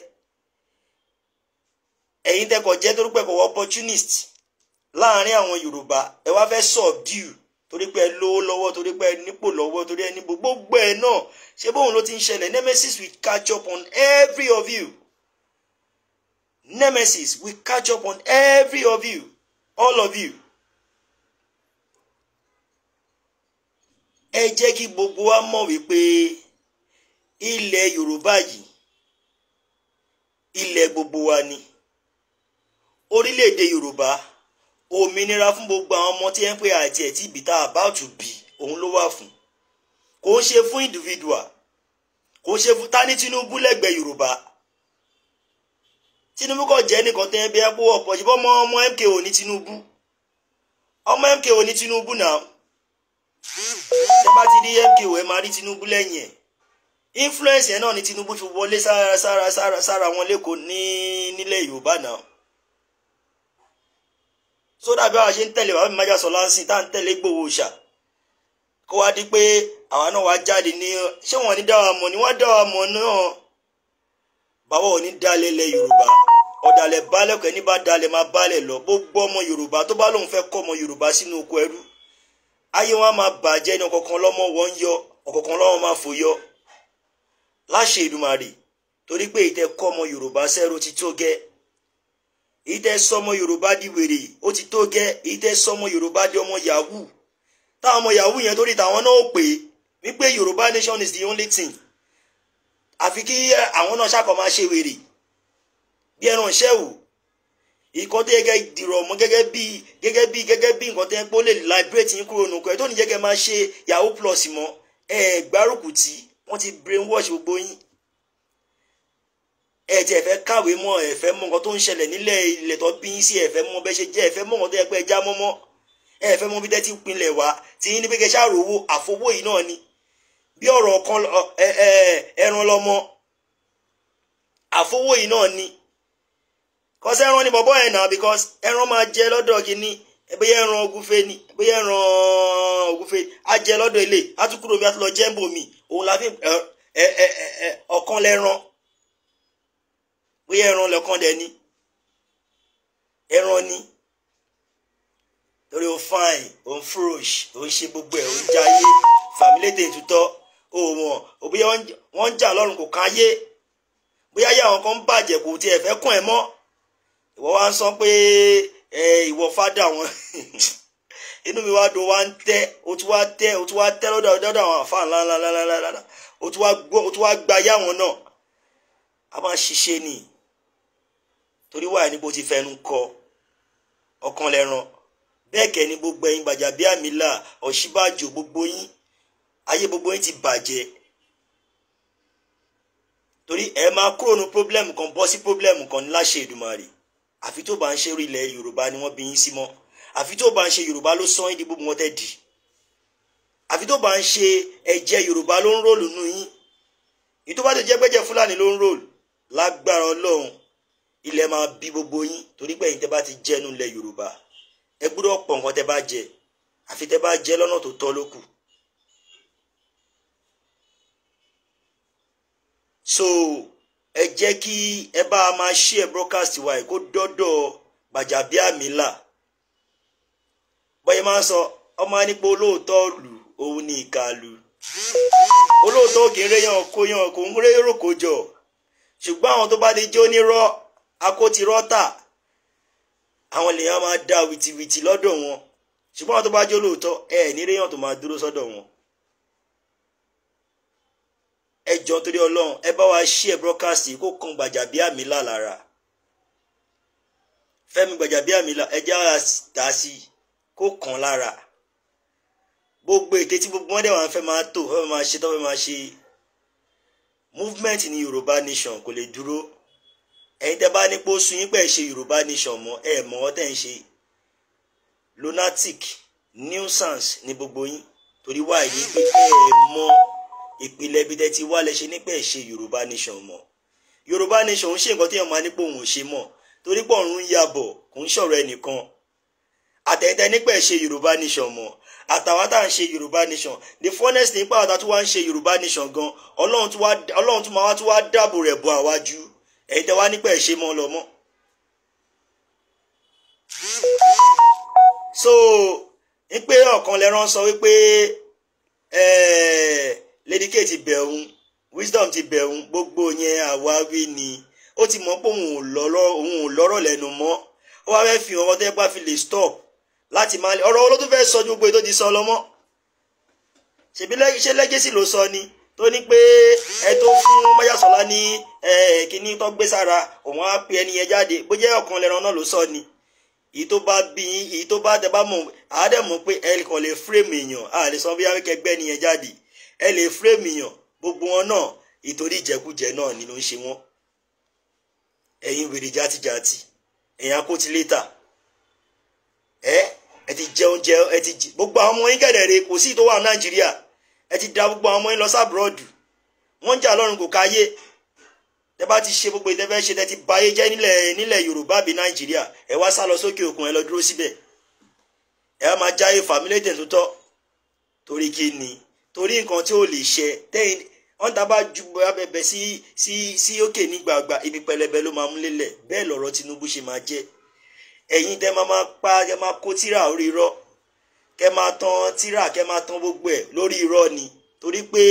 ẹ̀yin tẹkọ̀ jẹ́ torípẹ̀kọ̀ opportunist láàárín àwọn Yorùbá ẹ wá fẹ́ subdue torí pé ẹ lówó lọ́wọ́ torí pé ẹ nípò lọ́wọ́ torí ẹ níbo gbogbo ẹ náà ṣé bóun ló ti ń ṣẹlẹ̀ nemesis will catch up on every of you nemesis will catch up on every of you all of you. ẹ jẹ́ kí gbogbo wa mọ̀ wípé ilẹ̀ yorùbá yìí ilẹ̀ gbogbo wa ni orílẹ̀-èdè yorùbá òmìnira fún gbogbo àwọn ọmọ tí ẹ ń pè àti ẹ̀ tí ìbí tá a bá tù bí òun ló wà fún kò ń ṣe fún individual kò ń ṣe fún tani Tinubu lẹ́gbẹ̀ẹ́ Yorùbá Tinubu kò jẹ́ nìkan tó ń bí ẹ pọ̀ ọ̀pọ̀ ṣùgbọ́n ọmọ ọmọ MKO ní Tinubu ọmọ MKO ní Tinubu náà tẹ́ bá ti rí MKO ẹ máa rí Tinubu lẹ́yìn ẹ̀ influence yẹn náà ni Tinubu fi wọlé sára sára sára wọn lẹ́kọ̀ọ́ ní nílẹ̀ Yorùbá náà sódà bí wàá ṣe ń tẹ̀lé bàbá mi májà sọ lásìn tá à ń tẹ̀lé gbòòwò ṣà kó wá di pé àwa náà wá jáde ní ṣé wọn ní dá wa mọ̀ ni wọ́n dá wa mọ̀ náà bàbá òní dalẹ̀ lẹ Yorùbá ọ̀dàlẹ̀ balẹ̀ kò ẹni bá dalẹ̀ máa balẹ̀ lọ gbogbo ọmọ Yorùbá tó bá lóun fẹ́ kọ́ ọmọ Yorùbá sínú oko ẹrú ayé wọn máa bàjẹ́ ní ọ̀kọ̀ọ̀kan lọ́mọ wọn yọ ọ̀kọ̀ọ̀kan lọ́mọ máa fò yọ láṣẹ Èdùmàrè torí pé ìtẹ́kọ́ ọmọ Yorùbá sẹ́rù ti tó gẹ́ẹ́ ìdẹ sọmọ yorùbá di wèrè ó ti tó gẹ́ ìdẹ sọmọ yorùbá di ọmọ yahoo táwọn ọmọ yahoo yẹn torí táwọn náà pè é wípé yorùbá nation is the only thing àfi kí eh, àwọn náà ṣàkọ máa ṣe wèrè bí ẹran ṣẹ́wù ìkan tó yẹ kẹ́ dìrọ̀ mọ́ gẹ́gẹ́ bí gẹ́gẹ́ bí gẹ́gẹ́ bí nǹkan tó yẹ pé ó lè liberate yín kúrò nùkọ́ ẹ̀ tó ní jẹ́ kẹ́ máa ṣe yahoo plus mọ́ ẹ̀ gbárùkù tí wọ́n ti brainwash gbogbo yín ẹ ti ẹ fẹ́ kàwé mọ́ ẹ fẹ́ mọ̀ nǹkan tó ń ṣẹlẹ̀ nílẹ̀ ilẹ̀ tó bí sí ẹ fẹ́ mọ̀ bẹ ṣe jẹ ẹ fẹ́ mọ̀ nǹkan tó yẹ pé ẹ já mọmọ ẹ fẹ́ mọ̀ bí dẹ ti pinlẹ̀ wá tí yín ní pé kẹ ṣàròwó àfowó yìí náà ni bí ọ̀rọ̀ kan ẹran lọmọ àfowó yìí náà ni kọsẹ ẹran ni bọbọ ẹ nà because ẹran máa jẹ lọ́dọ̀ kìíní bóyá ẹran ogúnfe ni bóyá ẹran ogúnfe á jẹ lọ́dọ̀ ilé á tún kúrò bí á tún lọ jẹ ń bòmí òun la fi ọkàn lẹran bóyá ẹran lọ́kàn dẹ ni ẹran ni torí o fine o ń frosh o ń ṣe gbogbo ẹ̀ o ń jayé fàmílédè ìtútọ́ o mọ̀ o bóyá wọ́n ń jà lọ́rùn kò kan ayé bóyá yà wọn kan ń bàjẹ́ kò tiẹ̀ fẹ́ kún ẹ mọ́ ìwọ wá ń sọ pé ìwọ fádà wọn inú mi wá dùn wá ń tẹ́ o tún wá tẹ́ o tún wá tẹ́ lọ́dọ̀ lọ́dọ̀ àwọn àfa ńláńláńláńlá o tún wá gba wọn náà a máa ṣiṣẹ́ nìyí torí wà ní bó ti fẹnu kọ ọkàn lẹ́ran bẹ́ẹ̀ kẹ́ ni gbogbo ẹ̀yin Gbajabiamila Ọ̀ṣínbàjò gbogbo yín ayé gbogbo yín ti bàjẹ́ torí ẹ máa kúrò ní pọ́blẹ́mù kan bọ́ sí pọ́blẹ́mù kan ní láṣẹ Èdùmàrè àfi tó bá ń ṣe orílẹ̀ Yorùbá ni wọ́n bí yín sí mọ́ àfi tó bá ń ṣe Yorùbá ló sọ yín di gbogbo wọn tẹ́ di àfi tó bá ń ṣe ẹ̀jẹ̀ Yorùbá ló ń róòlù nù yín ìtọ́bàjẹ́ jẹ́gbẹ́jẹ́ Fúlàní ló ń róòlù lágbára Ọlọ́run ilẹ̀ máa bí gbogbo yín torí pé ẹ̀yin tẹ́ bá ti jẹ́ nu ilẹ̀ Yorùbá ẹ gbúdọ̀ pọ̀ nǹkan tẹ́ bá jẹ àfi tẹ́ bá jẹ lọ́nà tó tọ́ ló kù. so ẹ jẹ́ kí ẹ bá a máa ṣí ẹ broadcast wa ẹ̀ kó dọ́dọ̀ Gbajabiamila bọ́yẹ máa ń sọ ọmọ nípa olóòótọ́ lù òun ní ìka lù olóòótọ́ kì í réyàn kó yàn kó ń réyàn kó jọ ṣùgbọ́n àwọn tó bá di jó nírọ́ akótirọ́tà àwọn lèèyàn máa dá wìtìwìtì lọ́dọ̀ wọn ṣùgbọ́n àwọn tó bá jẹ́ olóòótọ́ ẹ níréyàn tó máa dúró sọ́dọ̀ wọn. ẹ jọ torí ọlọ́run ẹ bá wa ṣí ẹ bọ́kásì kó kan Gbajabiamila lára Fẹ́mi Gbajabiamila ẹ já tà sí kó kan lára gbogbo ète tí gbogbo wọn dẹ̀ wá fẹ́ máa tò fẹ́ máa ṣe tó fẹ́ máa ṣe movement ní Yorùbá nation kò lè dúró ẹ̀yin tẹ́ bá ní sun yín pé ṣe yorùbá nation mọ́ ẹ mọ̀ ọ́ tẹ́ ń ṣe lunatic nuisance ní gbogbo yín torí wà yìí pé ẹ mọ ìpìlẹ̀ ibi tẹ́ ti wá lẹ ṣe nípa ṣe yorùbá nation mọ́ yorùbá nation ń ṣe nǹkan tí èèyàn máa ní pé òun ò ṣe mọ́ torí pé ọ̀run ń yàbọ̀ kò ń ṣọ̀rọ̀ ẹnìkan àtẹ̀tẹ̀ nípa ṣe yorùbá nation mọ́ àtàwọn tá à ń ṣe yorùbá nation the funnest nípa àwọn tá a tún wá ń ṣe yorùbá nation gan ọlọ́run tún máa wá tún wá dáàbò rẹ̀ bọ àwájú ẹ̀yin tẹ́ nípa ẹ̀ mọ́ lọ mọ́. so wípé ọ̀kan lẹ́ran sọ wípé Lady K ti bẹ̀ wisdom ti bẹ̀ òun gbogbo yẹn àwáwí ni ó ti mọ̀ pé òun ò lọ́rọ̀ lẹ́nu mọ́ ó wá fẹ́ fi hàn ọdẹ bá fi lè stop láti máa lè ọ̀rọ̀ olótú fẹ́ sọ ju gbogbo ètò ti sọ lọ́mọ́ ṣèbí ṣe lẹ́gẹ́sì ló sọ ni tó ní pé ẹ tó fún máyàsọ́lá ní kíní tó gbé sára òun á pe ẹni yẹn jáde bó jẹ́ ọ̀kan lẹ́ran náà ló sọ ni èyí tó bá bí yín èyí tó bá tẹ́ bá mọ̀ àádẹ́mọ̀ pé ẹ kàn lè fírèmù èèyàn a lè sọ bí akẹ́kẹ́ ẹni yẹn jáde ẹ lè fírèmù èèyàn gbogbo wọn náà ìtorí ìjẹkújẹ náà ni ló ń ṣe wọn ẹ̀yin wèrè játijàti ẹ̀yin akótiléta ẹ ẹ ti jẹ oúnjẹ ẹ ti jẹ gbogbo àwọn ọmọ yín gẹ̀dẹ̀rẹ̀ kò sí tó wà nàìjíríà ẹ ti da gbogbo àwọn ọmọ yín lọ sábúrọ̀dù wọ́n jà lọ́run kò káyé tẹ bá ti ṣe gbogbo ìtẹ́fẹ́ ṣe tẹ ti ba ayé jẹ́ nílẹ̀ nílẹ̀ Yorùbá àbí Nàìjíríà ẹ wá sá lọ sókè òkun ẹ lọ dúró síbẹ̀ ẹ wá máa jáyé fàmílétẹ̀ tó tọ́ torí kí ni torí nǹkan tí ò lè ṣe tẹ́yìn wọ́n tá bá ju abẹ́bẹ́ sí sí sí òkè ní gbàgbà ibi pẹlẹbẹ ló máa mú lélẹ̀ bẹ́ẹ̀ lọ̀rọ̀ Tinubu ṣe máa jẹ́ ẹ̀yin tẹ́ máa máa pa kẹ́ máa kó tíra orí irọ́ kẹ́ máa tan tíra kẹ́ máa tan gbogbo ẹ̀ lórí irọ́ ni torí pé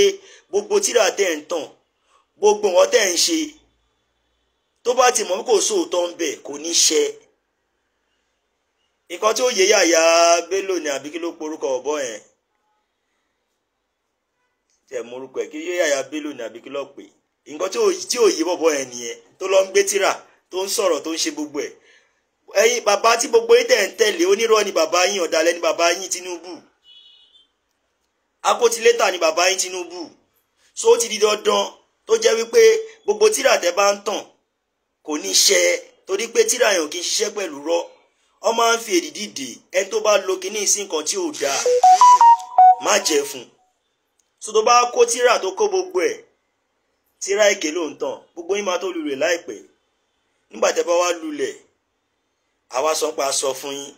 gbogbo tíra tẹ́ ń tàn gbogbo wọn tẹ́ ń ṣe tó bá ti mọ̀ pé kò sóòótọ́ ń bẹ̀ kò ní ṣe nǹkan tí ó yẹ yàyà Bello ni àbí kí ló porúkọ ọ̀bọ yẹn tẹ morúkọ ẹ kí yẹ yàyà Bello ni àbí kí ló pè nǹkan tí ò yẹ bọ̀bọ̀ yẹn nìyẹn tó lọ ń gbé tírà tó ń sọ̀rọ̀ tó ń ṣe gbogbo ẹ̀ ẹ̀yin bàbá tí gbogbo yín tẹ̀ ń tẹ̀lé onírọ́ ni bàbá yín ọ̀dàlẹ̀ ni bàbá yín Tinubu akótilétà ni bàbá yín Tinubu so ó ti di dandan tó jẹ́ wípé gbogbo tírà tẹ́ bá ń tàn kò ní ṣẹ torí pé tíra yẹn ò kí ń ṣiṣẹ́ pẹ̀lú rọ ọ máa ń fi èdè dìde ẹni tó bá lo kinní sí nǹkan tí ò dáa má jẹ fún so tó bá kó tíra tó kó gbogbo ẹ̀ tíra èké ló ń tàn gbogbo yín máa tó lulẹ̀ láìpẹ́ nígbà tẹ́ bá wá lulẹ̀ àwa sọ pé a sọ fún yín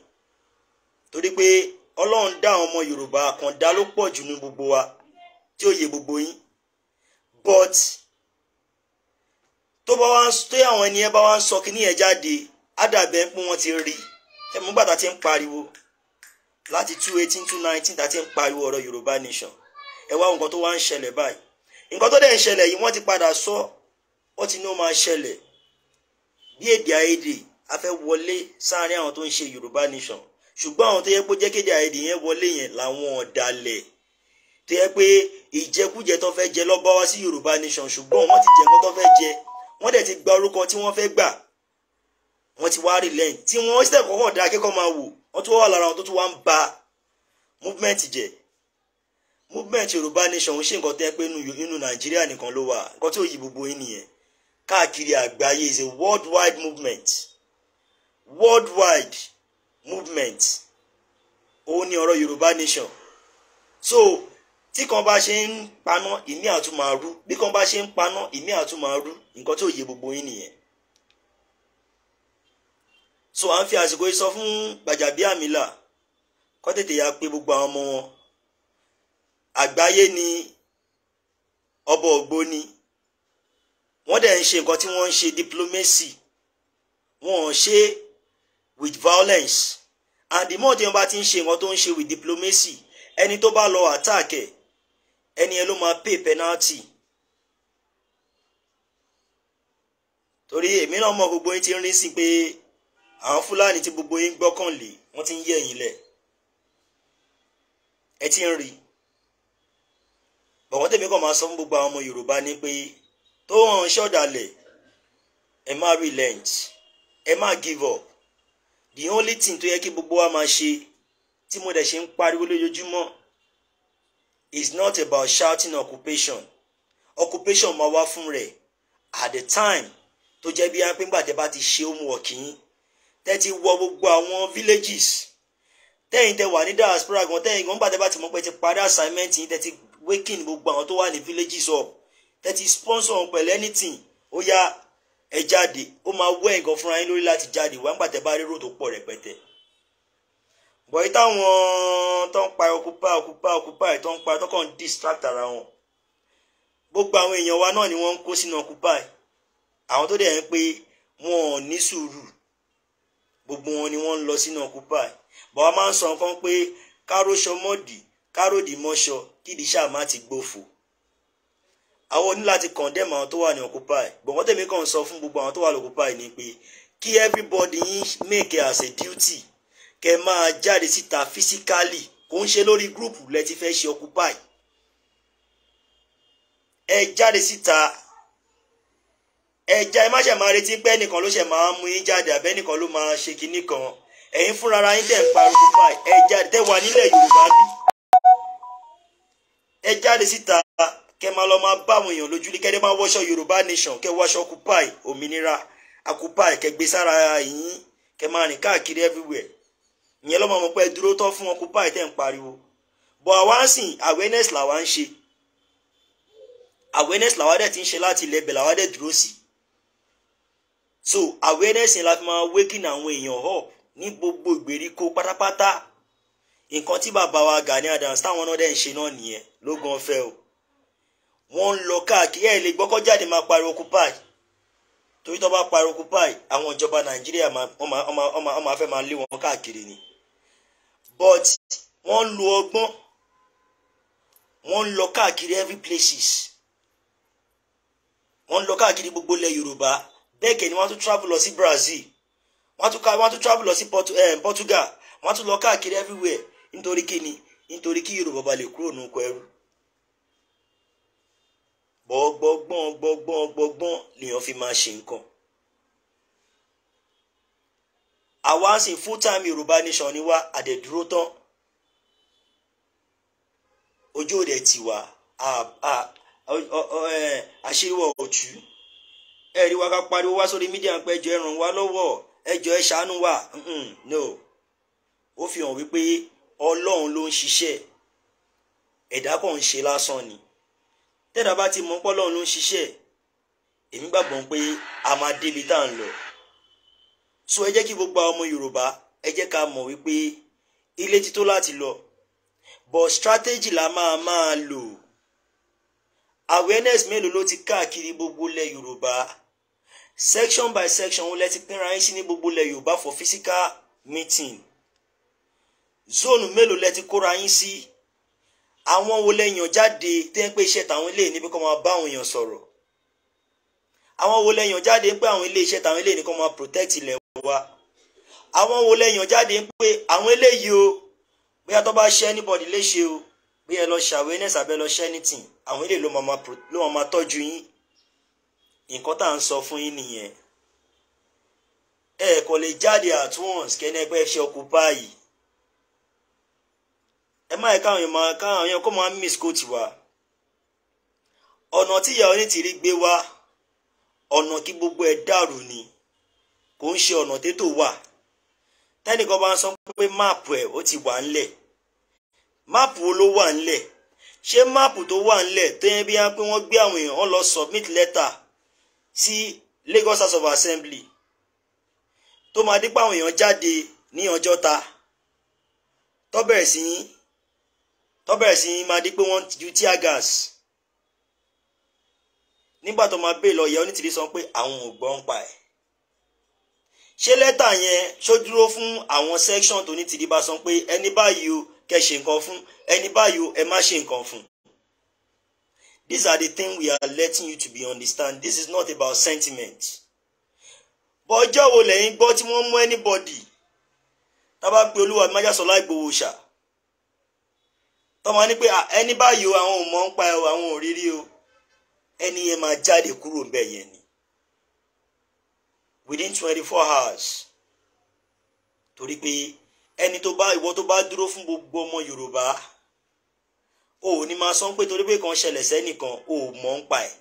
torí pé ọlọ́run dá àwọn ọmọ yorùbá kan dá ló pọ̀ jù ní gbogbo wa tí ó yẹ gbogbo yín but tó bá wá tó àwọn ẹni yẹn bá wá ń sọ kíní yẹn jáde á dàbẹ̀ pé wọ́n ti rí ẹ mú gbàtà tí ń pariwo láti two eighteen two nineteen tá ti ń pariwo ọ̀rọ̀ Yorùbá nation ẹ wá nǹkan tó wá ń ṣẹlẹ̀ báyìí nǹkan tó dẹ̀ ń ṣẹlẹ̀ yìí wọ́n ti padà sọ wọ́n ti ní ó máa ṣẹlẹ̀ bí èdè àìyedè a wọlé sáárín àwọn tó ń ṣe Yorùbá nation ṣùgbọ́n àwọn tó yẹ pé jẹ́kéde àìyedè yẹn wọlé yẹn làwọn ọ̀dàlẹ̀ tó yẹ pé ìjẹkújẹ tó fẹ́ jẹ ló wá sí Yorùbá nation ṣùgbọ́n wọ́n ti jẹ tó fẹ́ jẹ wọ́n dẹ̀ ti gba orúkọ tí wọ́n fẹ́ gbà wọ́n ti wá rí lẹ́yìn tí wọ́n sì tẹ̀kọ́ hàn dá akẹ́kọ̀ọ́ máa wò wọ́n tún wá wà lára wọn tó tún wá ń ba movement jẹ́ movement yorùbá nation ń ṣe nǹkan tẹ́ pé inú nàìjíríà nìkan ló wà nǹkan tí ó yí gbogbo yín nìyẹn káàkiri àgbáyé is a worldwide movement worldwide movement òun ni ọ̀rọ̀ yorùbá nation so tí kan bá ṣe ń paná ìmí àtún máa rú bí kan bá ṣe ń paná ìmí àtún máa nǹkan tí ò gbogbo yín nìyẹn so à ń fi àsìkò yìí sọ fún Gbajabiamila kó tètè ya pé gbogbo àwọn ọmọ wọn àgbáyé ni ọba ògbóni wọ́n dẹ̀ ń ṣe nǹkan tí wọ́n ń ṣe diplomacy wọ́n ń ṣe with violence and the more tí wọ́n bá ti ń ṣe nǹkan tó ń ṣe with diplomacy ẹni tó bá lọ attack ẹ̀ ẹni ẹ ló máa pay penalty torí èmi náà mọ gbogbo yín ti rí sí pé àwọn fúlàní tí gbogbo yín gbọ́kànlé wọ́n ti ń yẹ̀ yín lẹ̀ ẹ ti ń rí bọ̀wọ́n tèmi kàn máa sọ fún gbogbo àwọn ọmọ yorùbá ni pé tó hàn ṣọ̀dàlẹ̀ ẹ má relent ẹ má give up the only thing tó yẹ kí gbogbo wa máa ṣe tí mo dẹ̀ ṣe ń pariwo lójoojúmọ́ is not about shouting occupation occupation máa wá fún rẹ̀ at the time tó jẹ́ bí apíngbàjẹ́ bá ti ṣe homework yín tẹ́ ti wọ gbogbo àwọn villages tẹ́yìn tẹ́ wà ní diaspora gan tẹ́yìn gan gbàtẹ́ bá ti mọ̀ pé ti parí assignment yín tẹ́ ti waking gbogbo àwọn tó wà ní villages up tẹ́ ti sponsor wọn pẹ̀lú anything ó yá ẹ jáde ó máa wẹ́ nǹkan fúnra yín lórí láti jáde wá gbàtẹ́ bá rérò tó pọ̀ rẹpẹtẹ bọ̀yì táwọn tó ń pa ọkùpá ọkùpá ọkùpá ẹ̀ tó ń pa tó kàn distract ara wọn gbogbo àwọn èèyàn wa náà ni wọ́n ń kó sínú ọkùpá ẹ̀ àwọn tó dẹ̀ ń pé wọn ò ní sùúrù gbogbo wọn ni wọ́n ń lọ sínú ọkùpà bọ́ wa máa ń sọ nǹkan pé káròṣọ mọ́ọ̀dì káròdì mọ́ṣọ kídìí ṣáà má ti gbófo àwọn ní láti condemn àwọn tó wà ní ọkùpà bọ̀ wọ́n tẹ̀mí kàn sọ fún gbogbo àwọn tó wà lọ́kùpà ni pé kí everybody yín make as a duty kẹ máa jáde síta physically kò ń ṣe lórí gúrùpù lẹ ti fẹ́ ṣe ọkùpà ẹ jáde síta ẹja ẹ má ṣe máa retí pé ẹnìkan ló ṣe máa mú yín jáde àbẹ́ ẹnìkan ló máa ṣe kinní kan ẹ̀yin fúnra ara yín tẹ̀ ń pariwo báyìí ẹ jáde tẹ́ wà nílẹ̀ Yorùbá bí ẹ jáde síta kẹ́ máa lọ máa bá àwọn èèyàn lójú kẹ́ ẹ máa wọṣọ Yorùbá nation kẹ́ wọṣọ occupy òmìnira occupy kẹ́ gbé sára yín kẹ́ máa rìn káàkiri everywhere ìyẹn lọ́mọ mọ̀ pé dúró tọ́ fún occupy tẹ̀ ń pariwo bọ̀ àwa awareness làwa ń ṣe awareness làwa dẹ̀ ti ń ṣe láti ilẹ̀ ibẹ̀ làwa dẹ̀ dúró sí so awareness yẹn la fi máa waking àwọn èèyàn họ ní gbogbo ìgbèríko pátápátá nǹkan tí bàbá wa Gani Adams táwọn náà dẹ̀ ń ṣe náà nìyẹn ló gan fẹ́ o wọ́n ń lọ káàkiri ẹ̀ lè gbọ́kọ́ jáde máa pariwo occupy torí tó bá pariwo occupy àwọn ìjọba Nàìjíríà wọ́n máa fẹ́ máa lé wọn káàkiri ni but wọ́n ń lo ọgbọ́n wọ́n ń lọ káàkiri every places wọ́n ń lọ káàkiri gbogbo ilẹ̀ Yorùbá lẹ́ẹ̀kẹ́ ni wọ́n tún travel lọ sí Brazil wọ́n tún travel lọ sí eh, Portugal wọ́n tún lọ káàkiri everywhere nítorí kí ni nítorí kí Yorùbá ba lè kúrò nínú oko ẹrú fi máa ṣe nǹkan àwa sì full time Yorùbá nation ni wá àdẹ̀dúró tán ojú tiwa eh, àṣírí wọ̀ ọ̀tún. ẹ̀rí wa ká pariwo wá sórí mídíà pé ẹjọ́ ẹ ràn wá lọ́wọ́ ẹjọ́ ẹ ṣàánú wa no ó fi hàn wípé ọlọ́run ló ń ṣiṣẹ́ ẹ̀dá kan ń ṣe lásán ni tẹ́dá bá ti mọ̀ pé ọlọ́run ló ń ṣiṣẹ́ èmi gbàgbọ́ pé a máa débi tá à ń lọ so ẹ jẹ́ kí gbogbo ọmọ Yorùbá ẹ jẹ́ ká mọ̀ wípé ilé ti tó láti lọ but strategy la máa máa lò awareness mélòó ló ti káàkiri gbogbo ilẹ̀ Yorùbá section by section òun lẹ ti pínra yín sí ní gbogbo ilẹ̀ yorùbá for physical meeting zone mélòó lẹ ti kóra yín sí àwọn wo lẹ yàn jáde tẹ́ pé iṣẹ́ tàwọn ilé níbi kan máa bá àwọn èèyàn sọ̀rọ̀ àwọn wo lẹ yàn jáde pé àwọn ilé iṣẹ́ tàwọn ilé nìkan máa protect ilẹ̀ wa àwọn wo lẹ yàn jáde pé àwọn eléyìí o bóyá tó bá ṣe anybody léṣe o bóyá ẹ lọ ṣe awareness àbẹ lọ ṣe anything àwọn eléyìí ló máa tọ́jú yín nǹkan tá à ń sọ fún yín nìyẹn ẹ kò lè jáde at once kẹ́ni ẹgbẹ́ ṣe occupy ẹ má yẹ káwọn èèyàn káwọn èèyàn kó máa misquote wa ọ̀nà tí ìyá onítìrí gbé wá ọ̀nà kí gbogbo ẹ̀ dàrú ni kò ń ṣe ọ̀nà tètò wà tẹ́nìkan bá ń sọ pé máàpù ẹ̀ ó ti wà ńlẹ̀ máàpù wo ló wà ńlẹ̀ ṣé máàpù tó wà ńlẹ̀ tó yẹn bí wọ́n gbé àwọn èèyàn lọ submit letter sí Lagos House of Assembly tó máa dípò àwọn èèyàn jáde ní Ọjọ́ta tó bẹ̀rẹ̀ sí tó bẹ̀rẹ̀ sí máa dípò wọ́n ju tear gas nígbà tó máa bẹ́ẹ̀ lọ ìyá onítìrí sọ pé àwọn ò gbọ́ ń pa ẹ̀ ṣé lẹ́tà yẹn ṣó fún àwọn section tó ní tìrí bá sọ pé ẹni báyìí o kẹ́ ṣe nǹkan fún ẹni báyìí o ẹ má ṣe nǹkan fún These are the things we are letting you to be understand. This is not about sentiment. Bọ́jọ́ wo lẹ́yìn gbọ́ tí wọ́n mú anybody? Tábà pé olúwa mi májá Ṣọlá Ìgbòho ṣà. Tọ́mọ ní pé ẹni báyìí o àwọn ò mọ̀ ń pa ẹ̀ o àwọn ò rírí o. Ẹni yẹn máa jáde kúrò ńbẹ̀ yẹn ni. Within twenty four hours. Torí pé ẹni tó bá ìwọ tó bá dúró fún gbogbo ọmọ Yorùbá o ò ní máa sọ pé torí pé kan ṣẹlẹ̀ sẹ́nìkan o ò mọ̀ ń pa ẹ̀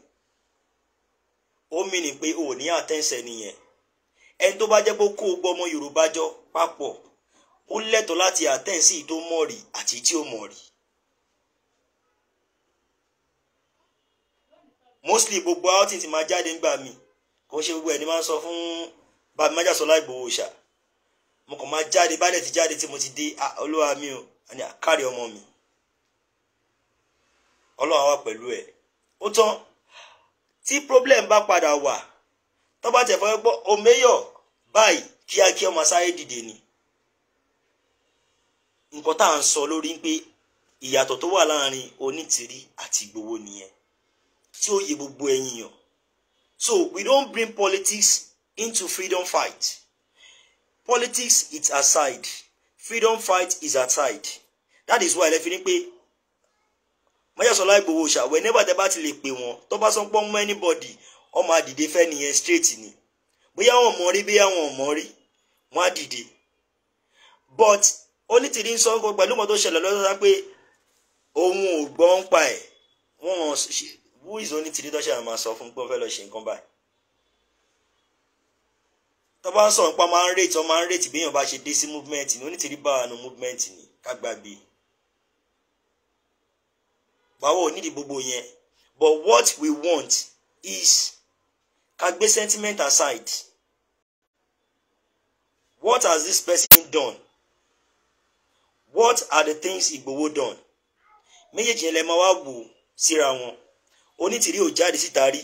ó mìíní pé o ò ní àtẹ̀sẹ̀ nìyẹn ẹni tó bá jẹ́ pé ó kó gbọ́ ọmọ Yorùbá jọ papọ̀ ó lẹ́tọ̀ọ́ láti àtẹ̀sí tó mọ̀ rí àti tí ò mọ̀ rí. mostly gbogbo outing ti máa jáde ńgbà mí kò ṣe gbogbo ẹ̀ ní máa ń sọ fún bàbá májà sọ láì gbowó ṣá mo kàn máa jáde bá dẹ̀ ti jáde tí mo ti dé ah, olúwa mi ò àní àkárí ọmọ mi ọlọ́run wà pẹ̀lú ẹ̀ ó tán tí problem bá padà wà tó bá tẹ̀ fọwọ́ gbọ́ omeyo báyìí kíákíá ọmọ sáré dìde ni nǹkan tá à ń sọ lórí pé ìyàtọ̀ tó wà láàrin onítìrí àti Ìgbòho nìyẹn tí ó yẹ gbogbo ènìyàn so we don't bring politics into freedom fight politics is aside freedom fight is aside that is why ẹ lè fi ní pé Mọ́ṣáṣọlá Ìgbòho ṣá whenever tẹ bá ti lè pè wọ́n tó bá sọ pé ọmọ anybody ọmọ àdìde fẹ́ nìyẹn straight ni bóyá wọn mọ̀ rí bóyá wọn mọ̀ rí wọn á dìde but onítìrí ń sọ pẹ̀lú mọ́ tó ṣẹlẹ̀ lọ́sọ̀tà pé òun ò gbọ́ ń pa ẹ̀ wọ́n wú ìzóní tìrí tó ṣẹlẹ̀ máa sọ fún pé wọ́n fẹ́ lọ ṣe nǹkan báyìí tó bá ń sọ nípa máa ń rètí ọ máa ń rètí bí movement ní onítìrí báwo ò nídìí gbogbo yẹn but what we want is ká gbé sentiment aside what has this person done what are the things Igboho done méjèèjì yẹn lè máa wá wò síra wọn onítìrí ò jáde síta rí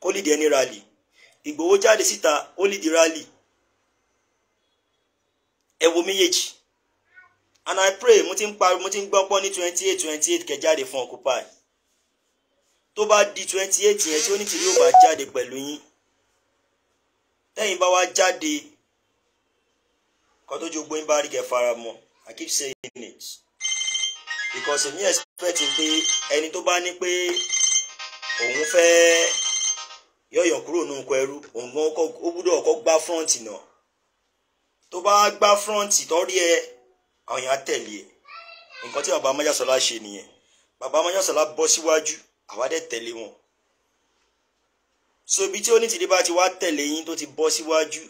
kó lìdí ẹni rally Igboho jáde síta ó lìdí rally ẹ wo méjèèjì and i pray mo ti ń pariwo mo ti ń gbọ́pọ́ ní twenty eight twenty eight kẹjáde fún occupy tó bá di twenty eight yẹn tí onítìrí ò bá jáde pẹ̀lú yín tẹ́yìn bá wá jáde kan tó jogbo yín bá rí kẹ́ fara mọ́ i keep saying it because èmi expect pé ẹni tó bá ní pé òun fẹ́ yọ̀yọ̀ kúrò nínú nǹkan ẹrú òun gan ó gbúdọ̀ kọ́ gbá front náà tó bá gbá front tó ẹ àwọn èèyàn á tẹ̀lé ẹ̀ e. nǹkan tí bàbá amájàsọ́lá ṣe nìyẹn bàbá amájàsọ́lá bọ́ síwájú àwa dẹ̀ tẹ̀lé wọn so ibi tí onítìrí bá ti wá tẹ̀lé yín tó ti bọ́ síwájú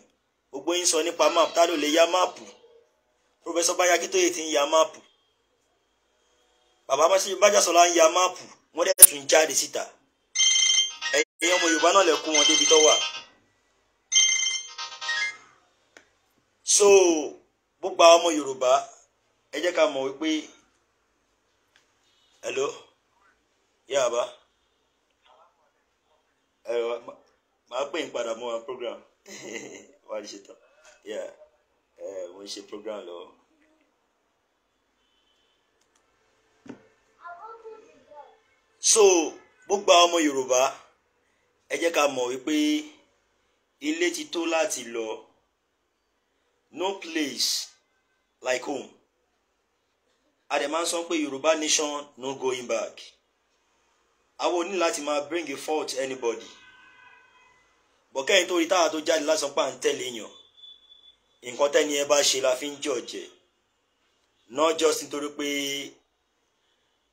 gbogbo yín sọ nípa máàpù tá ló lè ya máàpù pòfẹsọ Bayakitoye ti ń ya máàpù bàbá amájàsọ́lá ń ya máàpù wọ́n dẹ̀ tún jáde síta ẹ̀yin ọmọ Yorùbá náà lè kó wọn débi tó wà so gbogbo àwọn ọmọ Yorùbá ẹ jẹ́ ká mọ̀ wípé hello yaba ẹ̀rọ máa pè ń padà mọ́ wa program wà á ṣe tán mo ń ṣe program lọ. so gbogbo àwọn ọmọ Yorùbá ẹ jẹ́ ká mọ̀ wípé ilé ti tó láti lọ no place like home a dẹ̀ máa ń sọ pé yorùbá nation no going back àwọn oní láti máa bring a fault anybody bọ̀kẹ́yìn tó rí táwa tó jáde lásán pà ń tẹ̀lé yàn nǹkan tẹ́ni ẹ bá ṣe la fi ń jọ̀jẹ̀ not just nítorí pé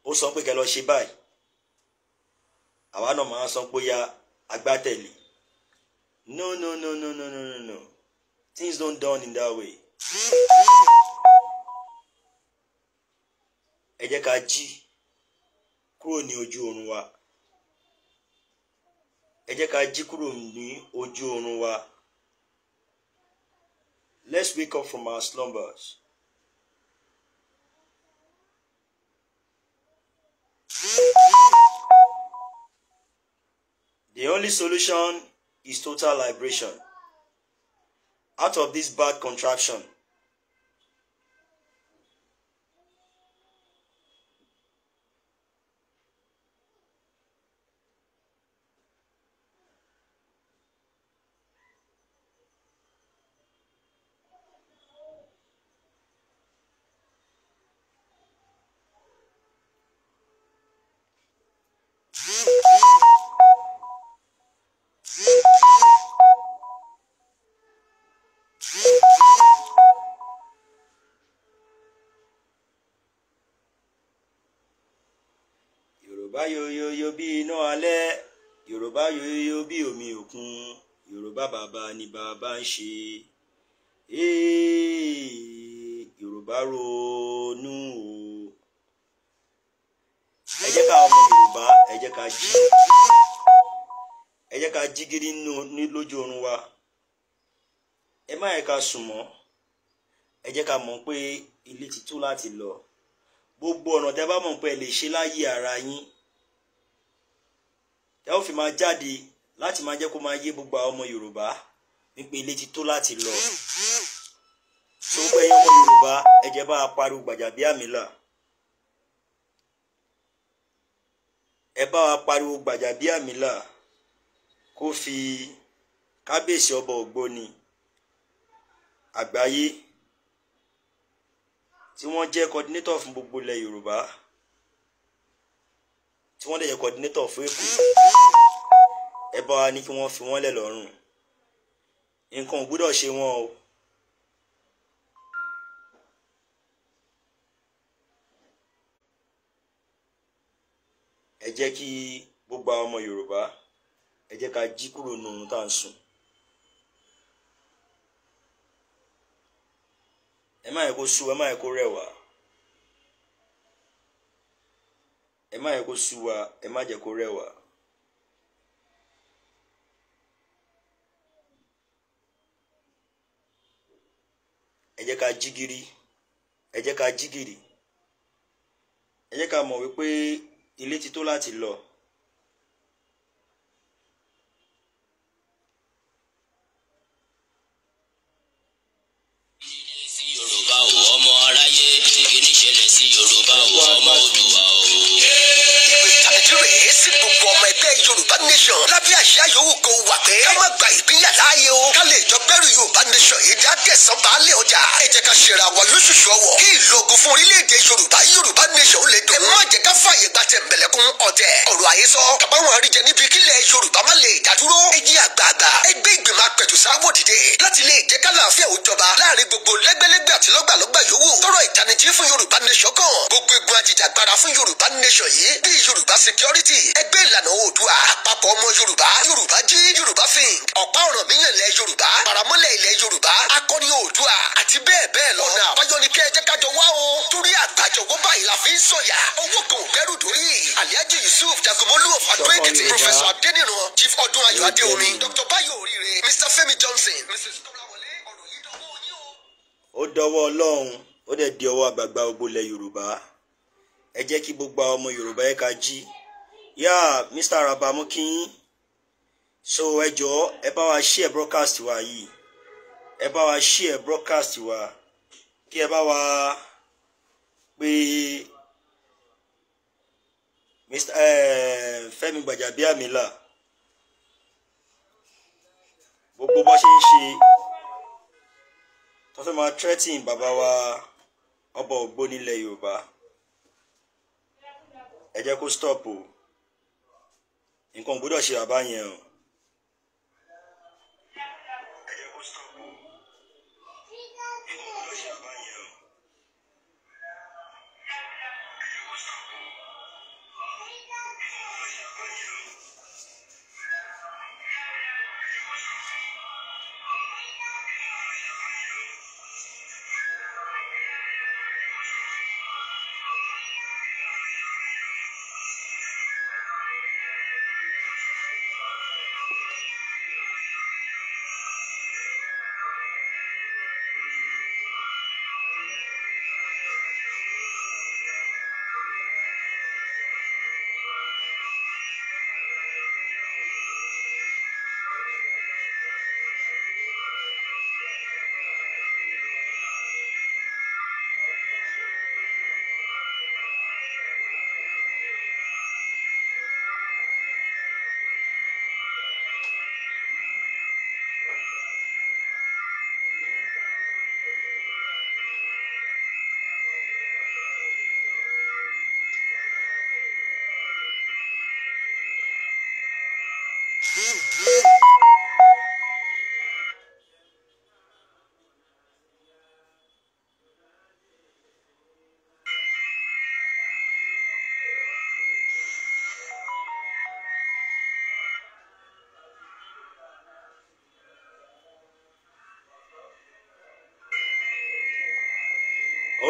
ó sọ pé kẹ lọ ṣe báyìí àwa náà máa sọ pé ya agbátẹ̀lé no no no no no no no no things don't done in that way ẹ jẹ́ ká jí kúrò ní ojú oorun wa ẹ jẹ́ ká jí kúrò ní ojú oorun wa let's wake up from our slumbers. The only solution is total liberation out of this bad contraction. yorùbá yoyoyo bí iná alẹ́ yorùbá yoyoyo bí omi òkun yorùbá bàbá ni bàbá ń ṣe yorùbá ronú o ẹ jẹ́ ká ọmọ yorùbá ẹ jẹ́ ká jí ẹ jẹ́ ká jí gidi lójú oorun wa ẹ má yẹ ká sùn mọ́ ẹ jẹ́ ká mọ̀ pé ilé ti tó láti lọ gbogbo ọ̀nà tẹ́ bá mọ̀ pé ẹ lè ṣe láyé ara yín tẹ́ ò fi máa jáde láti máa jẹ́ kó máa yé gbogbo àwọn ọmọ Yorùbá wípé ilé ti tó láti lọ tó gbẹ̀yìn ọmọ Yorùbá ẹ jẹ́ bá a pariwo Gbàjàbíàmílà ẹ bá wa pariwo Gbàjàbíàmílà kó fi kábíyèsí ọba Ògbóni àgbáyé tí wọ́n jẹ́ coordinator fún gbogbo ilẹ̀ Yorùbá. tí wọ́n lè yẹ coordinator fún èkó ẹ bá wa ní kí wọ́n fi wọ́n lẹ̀ lọ́rùn nǹkan ò gbúdọ̀ ṣe wọ́n o. ẹ jẹ́ kí gbogbo àwọn ọmọ Yorùbá ẹ jẹ́ ká jí kúrò nínú tá à ń sùn. ẹ má yẹ kó sú ẹ má yẹ kó rẹ̀ ẹ má yẹ kó sú wa ẹ má jẹ́ kó rẹ̀ wá. ẹ jẹ́ ká jí gìrì ẹ jẹ́ ká jí gìrì ẹ sí gbogbo ọmọ ẹgbẹ́ yorùbá nation lábẹ́ àṣà yòówù kó wà pé ká má gba ìpínyà láàyè o ká lè jọ bẹ̀rù yorùbá nation yìí dá tẹ̀sán baálẹ̀ ọjà ẹ jẹ́ ká ṣera wa lóṣooṣù ọwọ́ kí ìlú fún orílẹ̀-èdè yorùbá yorùbá nation ó lè dùn. ẹ má jẹ́ ká fààyè gba tẹ̀m̀bẹ̀lẹ̀kún ọ̀tẹ̀ ọ̀rọ̀ àhesọ kàbáwọn àríjẹ níbi kílẹ̀ yorùbá ẹgbẹ́ ìlànà oòdùà àpapọ̀ ọmọ yorùbá yorùbá jí yorùbá fink ọ̀pá ọ̀ràn míyàn ilẹ̀ yorùbá paramọ́lẹ̀ ilẹ̀ yorùbá akọni oòdùà àti bẹ́ẹ̀ bẹ́ẹ̀ lọ. ọ̀nà àbáyọ kẹ́ ẹ jẹ́ ká jọ wá o torí àgbàjọwọ́ báyìí la ń sọ̀yà owó kan ò kẹ́rù dórí. alhaji yusuf jagunmọ́lú of èkìtì professor adeniran chief ọdún ayọ̀ adéomi dr bayo oríire mr femi johnson mrs kọ́láwọlé ọ̀rọ̀ yìí dọ́wọ́ yín o. ó dọwọ́ ọlọ́run ó dẹ̀ ẹ jẹ́ kí gbogbo ọmọ yorùbá yẹ ká jí yá Mr. Araba so ẹ jọ̀ọ́ ẹ bá wa share broadcast wa yìí ẹ bá wa share broadcast wa kí ẹ bá wa pé Mr. eh, Fẹ́mi Gbàjàbíàmílà gbogbo bó ṣe ń ṣe tó fẹ́ máa threatening bàbá wa ọba ògbó nílẹ̀ Yorùbá ẹ jẹ́ kó stop o. encombrou a chibanha,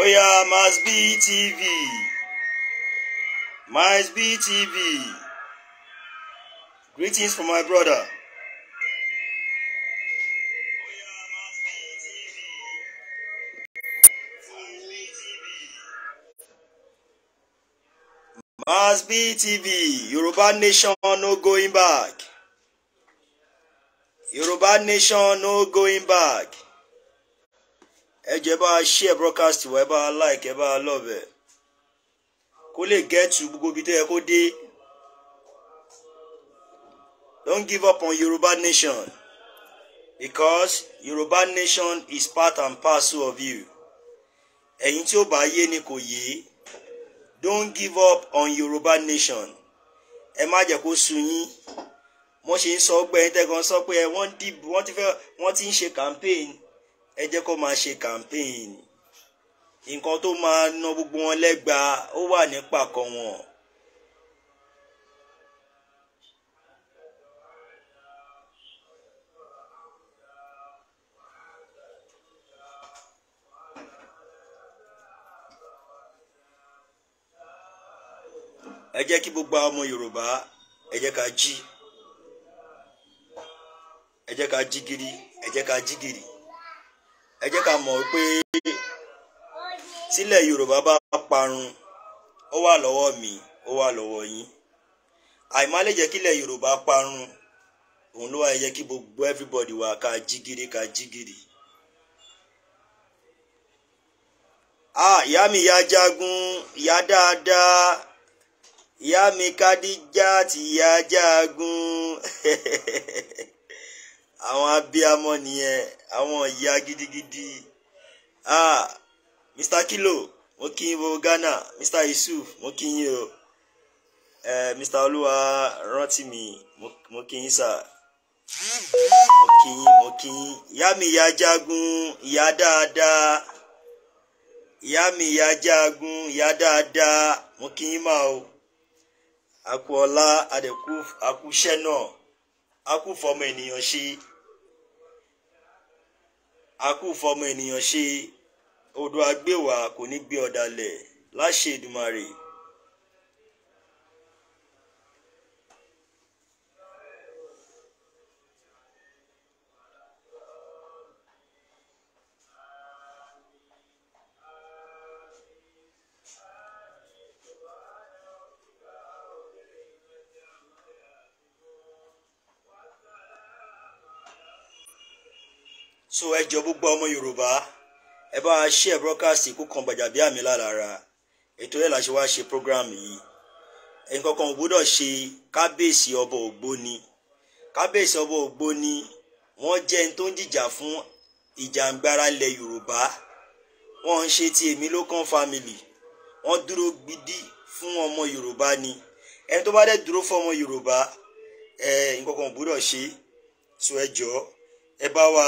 Oya Masbi TV. Masbi TV. Greetings from my brother. Masbi TV, Yoruba Nation no going back. Yoruba Nation no going back ẹ bá share broadcast wa ẹ bá like ẹ bá love ẹ kó lè gẹ́tù gbogbo ibi tó yẹ kó dé don't give up on Yoruba nation because Yoruba nation is part and parcel of you ẹ̀yin tí ó bá yé ni kò yé don't give up on Yoruba nation ẹ má jẹ́ kó sú yín wọ́n ṣe ń sọ ọgbẹ́ ẹ̀ńtẹ́gàn sọ pé wọ́n ti ń ṣe campaign ẹ jẹ́ kó máa ṣe campaign nǹkan tó máa ná gbogbo wọn lẹ́gbàá ó wà ní pàkọ́ wọn. ẹ jẹ́ kí gbogbo ọmọ Yorùbá ẹ jẹ́ ká jí ẹ jẹ́ ká jí gidi ẹ jẹ́ ká jí gidi ẹ jẹ́ ká mọ̀ pé tílẹ̀ Yorùbá bá parun ó wà lọ́wọ́ mi ó wà lọ́wọ́ yín àìmọ́ lè jẹ́ kílẹ̀ Yorùbá parun òun ló wà yẹ kí gbogbo everybody wà ká jigiri ká jigiri. ah ìyá mi ìyá jagun ìyá dáadáa ìyá mi Kádíjà tìyá jagun àwọn abiyamọ nìyẹn àwọn ìyá gidigidi ah Mr Kilo mo kí yín gbogbo Ghana Mr Yusuf mo kí yín o eh, Mr Olúwa rántí mi mo kí yín sir mo kí yín mo kí yín ìyá mi ìyá jagun ìyá dáadáa ìyá mi ìyá jagun ìyá dáadáa mo kí yín máa o àkú ọlá àdẹkù náà akúfọmọ ènìyàn ṣe akúfọmọ ènìyàn ṣe odò agbéwà kò ní gbé ọ̀dàlẹ̀ láṣẹ Èdùmàrè. so ẹ jọ gbogbo ọmọ yorùbá ẹ bá a ṣe ẹ broadcast ikú kan Gbajabiamila lára ètò yẹn la ṣe wá ṣe program yìí nǹkan kan ò gbọ́dọ̀ ṣe kábíyèsí ọba ògbóni kábíyèsí ọba ògbóni wọ́n jẹ́ ẹni tó ń jìjà fún ìjàngbara ilẹ̀ yorùbá wọ́n ń ṣe ti èmi ló kàn family wọ́n dúró gbidi fún ọmọ yorùbá ni ẹni tó bá dẹ̀ dúró fún ọmọ yorùbá ẹ nǹkan kan ṣe so ẹ jọ ẹ bá wa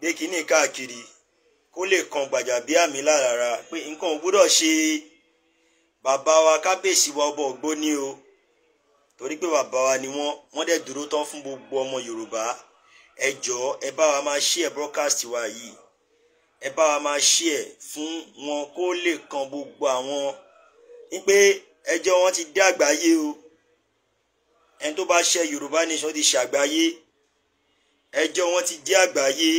gbé kínní káàkiri kó lè kan gbàjà bí àmì lára pé nǹkan ò ṣe bàbá wa kábíyèsí wa ọba ògbóni o torí pé bàbá wa ni wọ́n wọ́n dẹ̀ dúró tán fún gbogbo ọmọ yorùbá ẹ jọ̀ọ́ ẹ bá wa máa share broadcast wa yìí ẹ bá wa máa share fún wọn kó lè kan gbogbo àwọn wípé ẹjọ́ wọn ti dé àgbáyé o ẹni tó bá ṣe yorùbá nation ti ṣàgbáyé ẹjọ́ wọn ti dé àgbáyé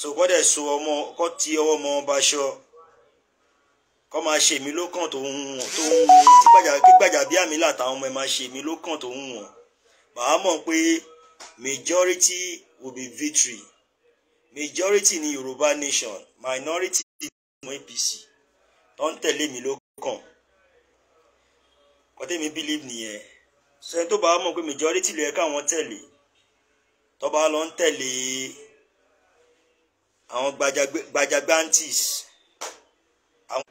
so kọ́dẹ̀ so ọmọ kọ́ ti ọwọ́ ọmọ ọba aṣọ kọ́ máa ṣe èmi lókàn tó ń wọ̀n tó ń wọ̀n kí gbàjà bí àmì látàwọn ọmọ ẹ̀ máa ṣe èmi lókàn tó ń wọ̀n màá mọ̀ pé majority will be victory majority ni Yorùbá nation minority ni àwọn APC tó ń tẹ̀lé mi lókàn kọ́tẹ́mi believe nìyẹn sẹ́ni tó bá mọ̀ pé majority ló yẹ káwọn tẹ̀lé tó lọ ń tẹ̀lé àwọn gbajagbantis àwọn.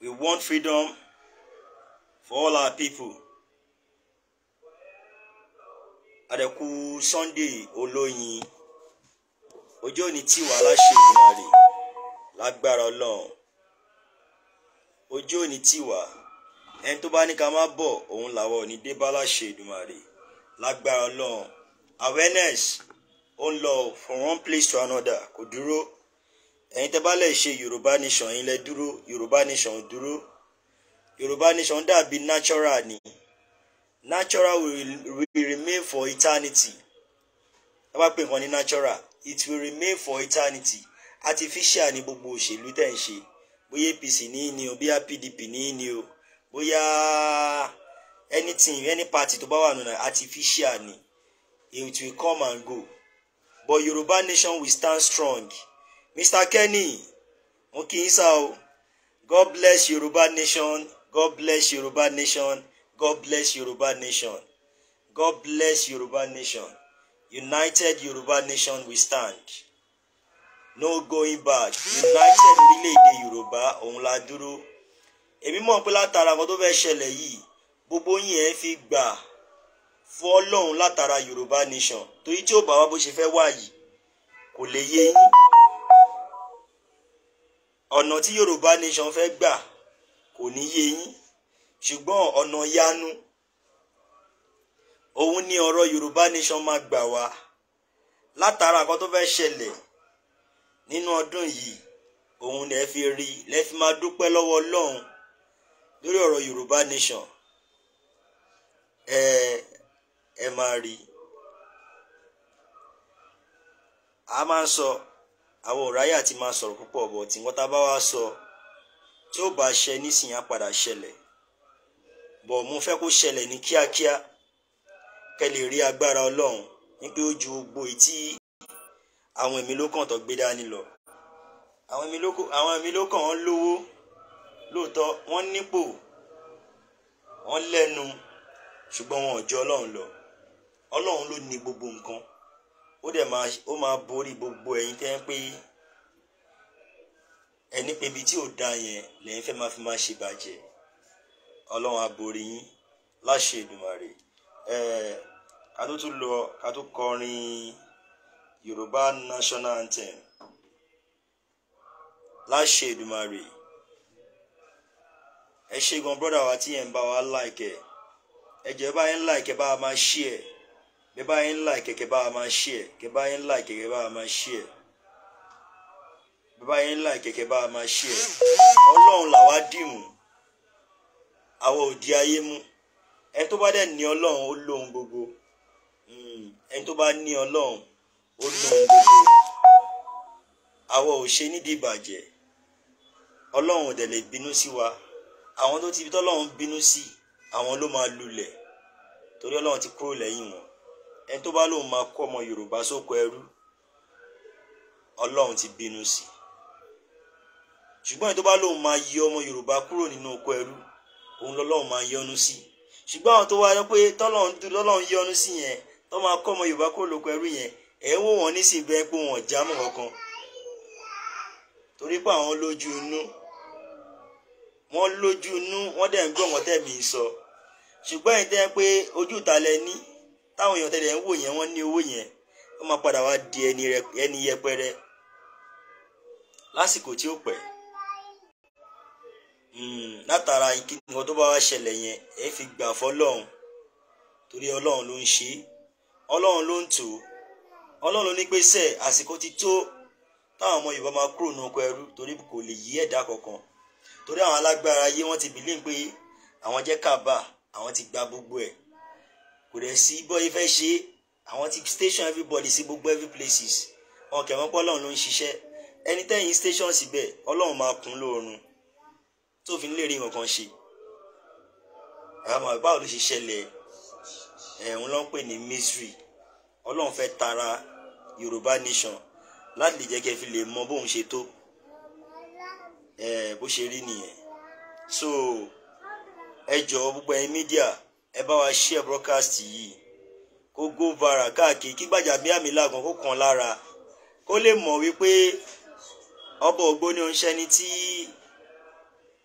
we want freedom for all our people. àdẹ̀kù Sunday olóyin ọjọ́ òní tí wàhálà ṣe ìgbìmọ̀rì lágbára ọlọ́run ọjọ́ òní tí wà ẹni tó bá ní ká má bọ̀ òun làwọn ò ní dé bá láṣẹ Èdùmàrè lágbára ọlọ́run awareness ó ń lọ from one place to another kò dúró ẹ̀yin tẹ́ bá lè ṣe yorùbá nation yín lẹ dúró yorùbá nation dúró yorùbá nation dàbí natural ni natural will, remain for eternity ẹ bá pè nǹkan ní natural it will remain for eternity artificial ni gbogbo òṣèlú tẹ̀ ń ṣe bóyá apc ní í o bóyá pdp ní í o Bóyá anything any party to bá wà nù artificial ni it will come and go but Yoruba nation will stand strong Mr. Kenny mo kì God bless Yoruba nation God bless Yoruba nation God bless Yoruba nation God bless Yoruba nation united Yoruba nation we stand no going back united orílẹ̀-èdè Yorùbá òun la dúró èmi mọ̀ pé látara àwọn tó fẹ́ ṣẹlẹ̀ yìí gbogbo yín ẹ fi gbà fọlọ́hún látara yorùbá nation torí tí ó bá wa bó ṣe fẹ́ wá kò lè yé yín ọ̀nà tí yorùbá nation fẹ́ gbà kò ní yé yín ṣùgbọ́n ọ̀nà yanu òun ni ọ̀rọ̀ yorùbá nation máa gbà wá látara àkọ́ tó fẹ́ ṣẹlẹ̀ nínú ọdún yìí òun lè fi rí lè máa dúpẹ́ lọ́wọ́ ọlọ́run lórí ọ̀rọ̀ yorùbá nation ẹ ẹ máa rí a máa ń sọ àwọn òráyà ti máa sọ̀rọ̀ púpọ̀ bọ̀ tí wọ́n tá bá wá sọ tí ó bá ṣe nísìnyí á padà ṣẹlẹ̀ bọ̀ mo fẹ́ kó ṣẹlẹ̀ ní kíákíá kẹ́ lè rí agbára ọlọ́run ní pé ó ju gbogbo etí àwọn èmi ló kàn tó gbé dání lọ àwọn èmi ló kàn wọ́n lówó lóòótọ́ wọ́n nípò wọ́n lẹ́nu ṣùgbọ́n wọn ò jẹ́ ọlọ́run lọ ọlọ́run ló ní gbogbo nǹkan ó dẹ̀ máa ó máa borí gbogbo ẹ̀yin tẹ́ ń pé ẹni pé ibi tí ò da yẹn lẹ́yìn fẹ́ máa fi máa ṣe bàjẹ́ ọlọ́run á yín láṣẹ Èdùmàrè ẹ̀ ká tó tún lọ ká tó kọrin Yorùbá national anthem láṣẹ Èdùmàrè ẹ ṣé gan brọ́dà wa tí ẹ̀ ń bá wa láìkẹ́ like, ẹ bá yín like ẹ bá máa share bẹ́ẹ̀ bá yín like kẹ́ bá máa share kẹ́ bá yín like kẹ́ bá máa share bẹ́ẹ̀ bá yín like kẹ́ bá máa share ọlọ́run làwa dìmú àwọn òdi ayé mú ẹni tó bá dẹ̀ ní ọlọ́run ó lóhun gbogbo hmm, ẹni tó bá ní ọlọ́run ó lóhun gbogbo àwọn ò nídìí ìbàjẹ́ ọlọ́run ò dẹ̀ lè bínú sí wa àwọn tó ti bí tọ́lọ́run bínú sí i àwọn ló máa lulẹ̀ torí ọlọ́run ti kúrò lẹ́yìn wọn ẹni tó bá lóun máa kó ọmọ yorùbá sóko ẹrú ọlọ́run ti bínú sí i ṣùgbọ́n ẹni tó bá lóun máa yọ ọmọ yorùbá kúrò nínú oko ẹrú òun lọ́lọ́run máa yọ́nú sí i ṣùgbọ́n àwọn tó wá yọ pé tọ́lọ́run dúró lọ́lọ́run yọ́nú sí yẹn tó máa kó ọmọ yorùbá kúrò lóko ẹrú yẹn ẹ̀ ń wò wọ́n nísìnyí bẹ́ẹ̀ pé wọ́n já mọ́ kankan torí pé àwọn lójú inú wọ́n lójú inú wọ́n dẹ̀ ń gbọ́ wọ́n tẹ̀ mí sọ. So ṣùgbọ́n ẹ̀yin tẹ́ ẹ pé ojú ìta lẹ ní táwọn èèyàn tẹ́lẹ̀ ń wò yẹn wọ́n ní owó yẹn wọ́n máa padà wá di ẹni yẹpẹrẹ lásìkò tí ó pẹ́ hmm, látara nǹkan tó bá wá ṣẹlẹ̀ yẹn ẹ fi gbà fọlọ́run torí ọlọ́run ló ń ṣe ọlọ́run ló ń tò ọlọ́run ló ní gbèsè àsìkò ti tó táwọn ọmọ yorùbá máa kúrò ní oko ẹrú torí kò lè yí ẹ̀dá kankan torí àwọn alágbára ayé wọ́n ti bìlín pé àwọn jẹ́ kábà àwọn ti gba gbogbo ẹ̀ kò dẹ̀ sí bọ́ ifẹ̀ ṣe àwọn ti station everybody sí gbogbo every places wọn kẹ̀ wọ́n pọ́ ọlọ́run ló ń ṣiṣẹ́ ẹni tẹ́yìn station síbẹ̀ ọlọ́run máa kún lóorun tó fi ń lè rí nǹkan ṣe àmọ́ báwo ló ṣe ṣẹlẹ̀ ẹ̀hún ló ń pè ní misery ọlọ́run fẹ́ tara Yorùbá nation láti lè jẹ́ kí ẹ fi lè mọ bóun ṣe tó bó ṣe rí nìyẹn so. ẹ jọ̀ọ́ gbogbo ẹ̀yin mídíà ẹ bá wa share broadcast yìí kó go viral káàkiri kí Gbajabiamila gan kó kàn lára kó lè mọ̀ wípé ọbọ̀ ògbóni oníṣẹ́ ni tí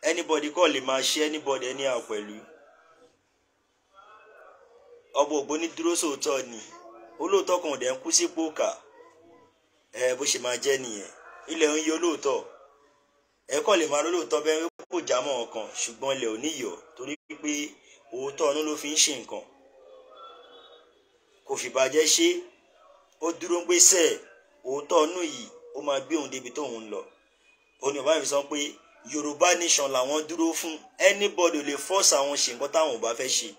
anybody kọ́ lè máa ṣe anybody anyhow pẹ̀lú ọbọ̀ ògbóni dúró sóòótọ́ ni olóòótọ́ kan ò dẹ̀ ń kú sípò kà ẹ bó ṣe máa jẹ́ nìyẹn ilẹ̀ ń yọ olóòótọ́ ẹ kọ́ lè máa lólóòótọ́ bẹ́ẹ̀. kò já mọ́ ọkàn ṣùgbọ́n ilẹ̀ ò níyọ̀ torí pé òótọ́ ọ̀nà ló fi ń ṣe nǹkan kò fìbàjẹ́ ṣe ó dúró ń gbèsè òótọ́ ọ̀nà yìí ó máa gbé òun débi tóun ń lọ ó ní ọba mi sọ pé yorùbá nation làwọn dúró fún anybody lè force àwọn ṣe nǹkan táwọn ò bá fẹ́ ṣe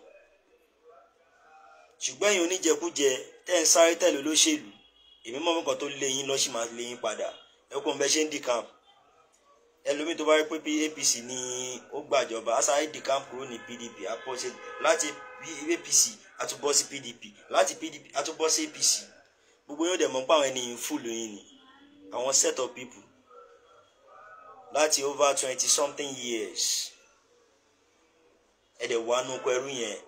ṣùgbọ́n ẹ̀yin oníjẹkújẹ tẹ́ ń sáré tẹ̀lé olóṣèlú èmi mọ̀ nǹkan tó lé yín lọ́sí máa lé yín padà ẹ̀kọ́ ń bẹ́ ṣe ń dìkan ẹlòmíì tó bá rí pé bí APC ni ó gbàjọba asáré camp kúrò ní PDP àpọ̀ṣe láti APC àtúbọ̀ sí PDP láti PDP àtúbọ̀ sí APC gbogbo yóò dẹ̀ mọ́ pé àwọn ènìyàn fún lóyìn ni àwọn set of people láti over twenty something years ẹ̀dẹ̀ wà nù pẹ̀lú yẹn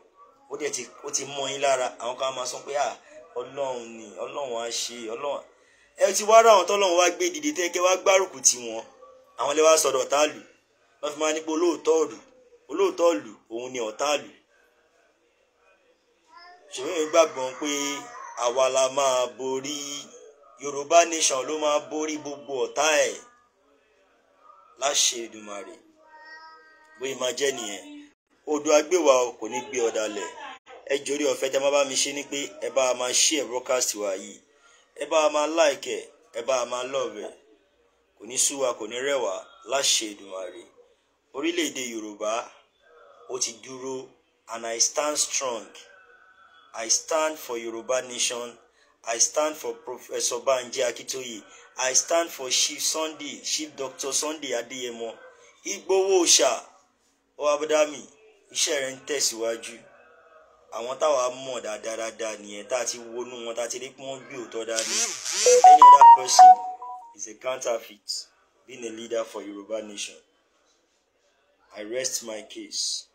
ó dẹ̀ ti ó ti mọ́ yín lára àwọn kan máa sọ pé à ah, ọlọ́run ni ọlọ́run á ṣe ọlọ́run ẹ ti wá ra àwọn tọ́lọ́run wá gbé dìde tẹ́ wá gbárùkù tì àwọn ilé wa sọ̀dọ̀ ọ̀tá lù wọ́n fi máa ní pé olóòótọ́ lù olóòótọ́ lù òun ni ọ̀tá lù ṣèwéyìn gbàgbọ́ pé àwa la máa borí Yorùbá nation ló máa borí gbogbo ọ̀tá ẹ̀ láṣẹ Èdùmàrè bóyá máa jẹ́ nìyẹn odò agbèwà kò ní gbé ọ̀dà lẹ̀ ẹ jòrí ọ̀fẹ́ tí a máa bá mi ṣe ni pé ẹ bá a máa share broadcast wa yìí ẹ bá a máa like ẹ ẹ bá a máa love ẹ kò ní súwa kò ní rẹwà láṣẹ Èdùmàrè orílẹ̀-èdè Yorùbá ó ti dúró and I stand strong I stand for Yorùbá nation I stand for Professor Banji Akintoye I stand for Chief Sunday Chief Doctor Sunday Adeyemo Igboho Òòṣà ó Abadami iṣẹ́ rẹ̀ ń tẹ̀síwájú àwọn táwa mọ̀ dáadáa nìyẹn tá a ti wọnú wọn tá a ti rí pé wọ́n gbé òótọ́ dání any other person is a counterfeit being a leader for Yoruba nation. I rest my case.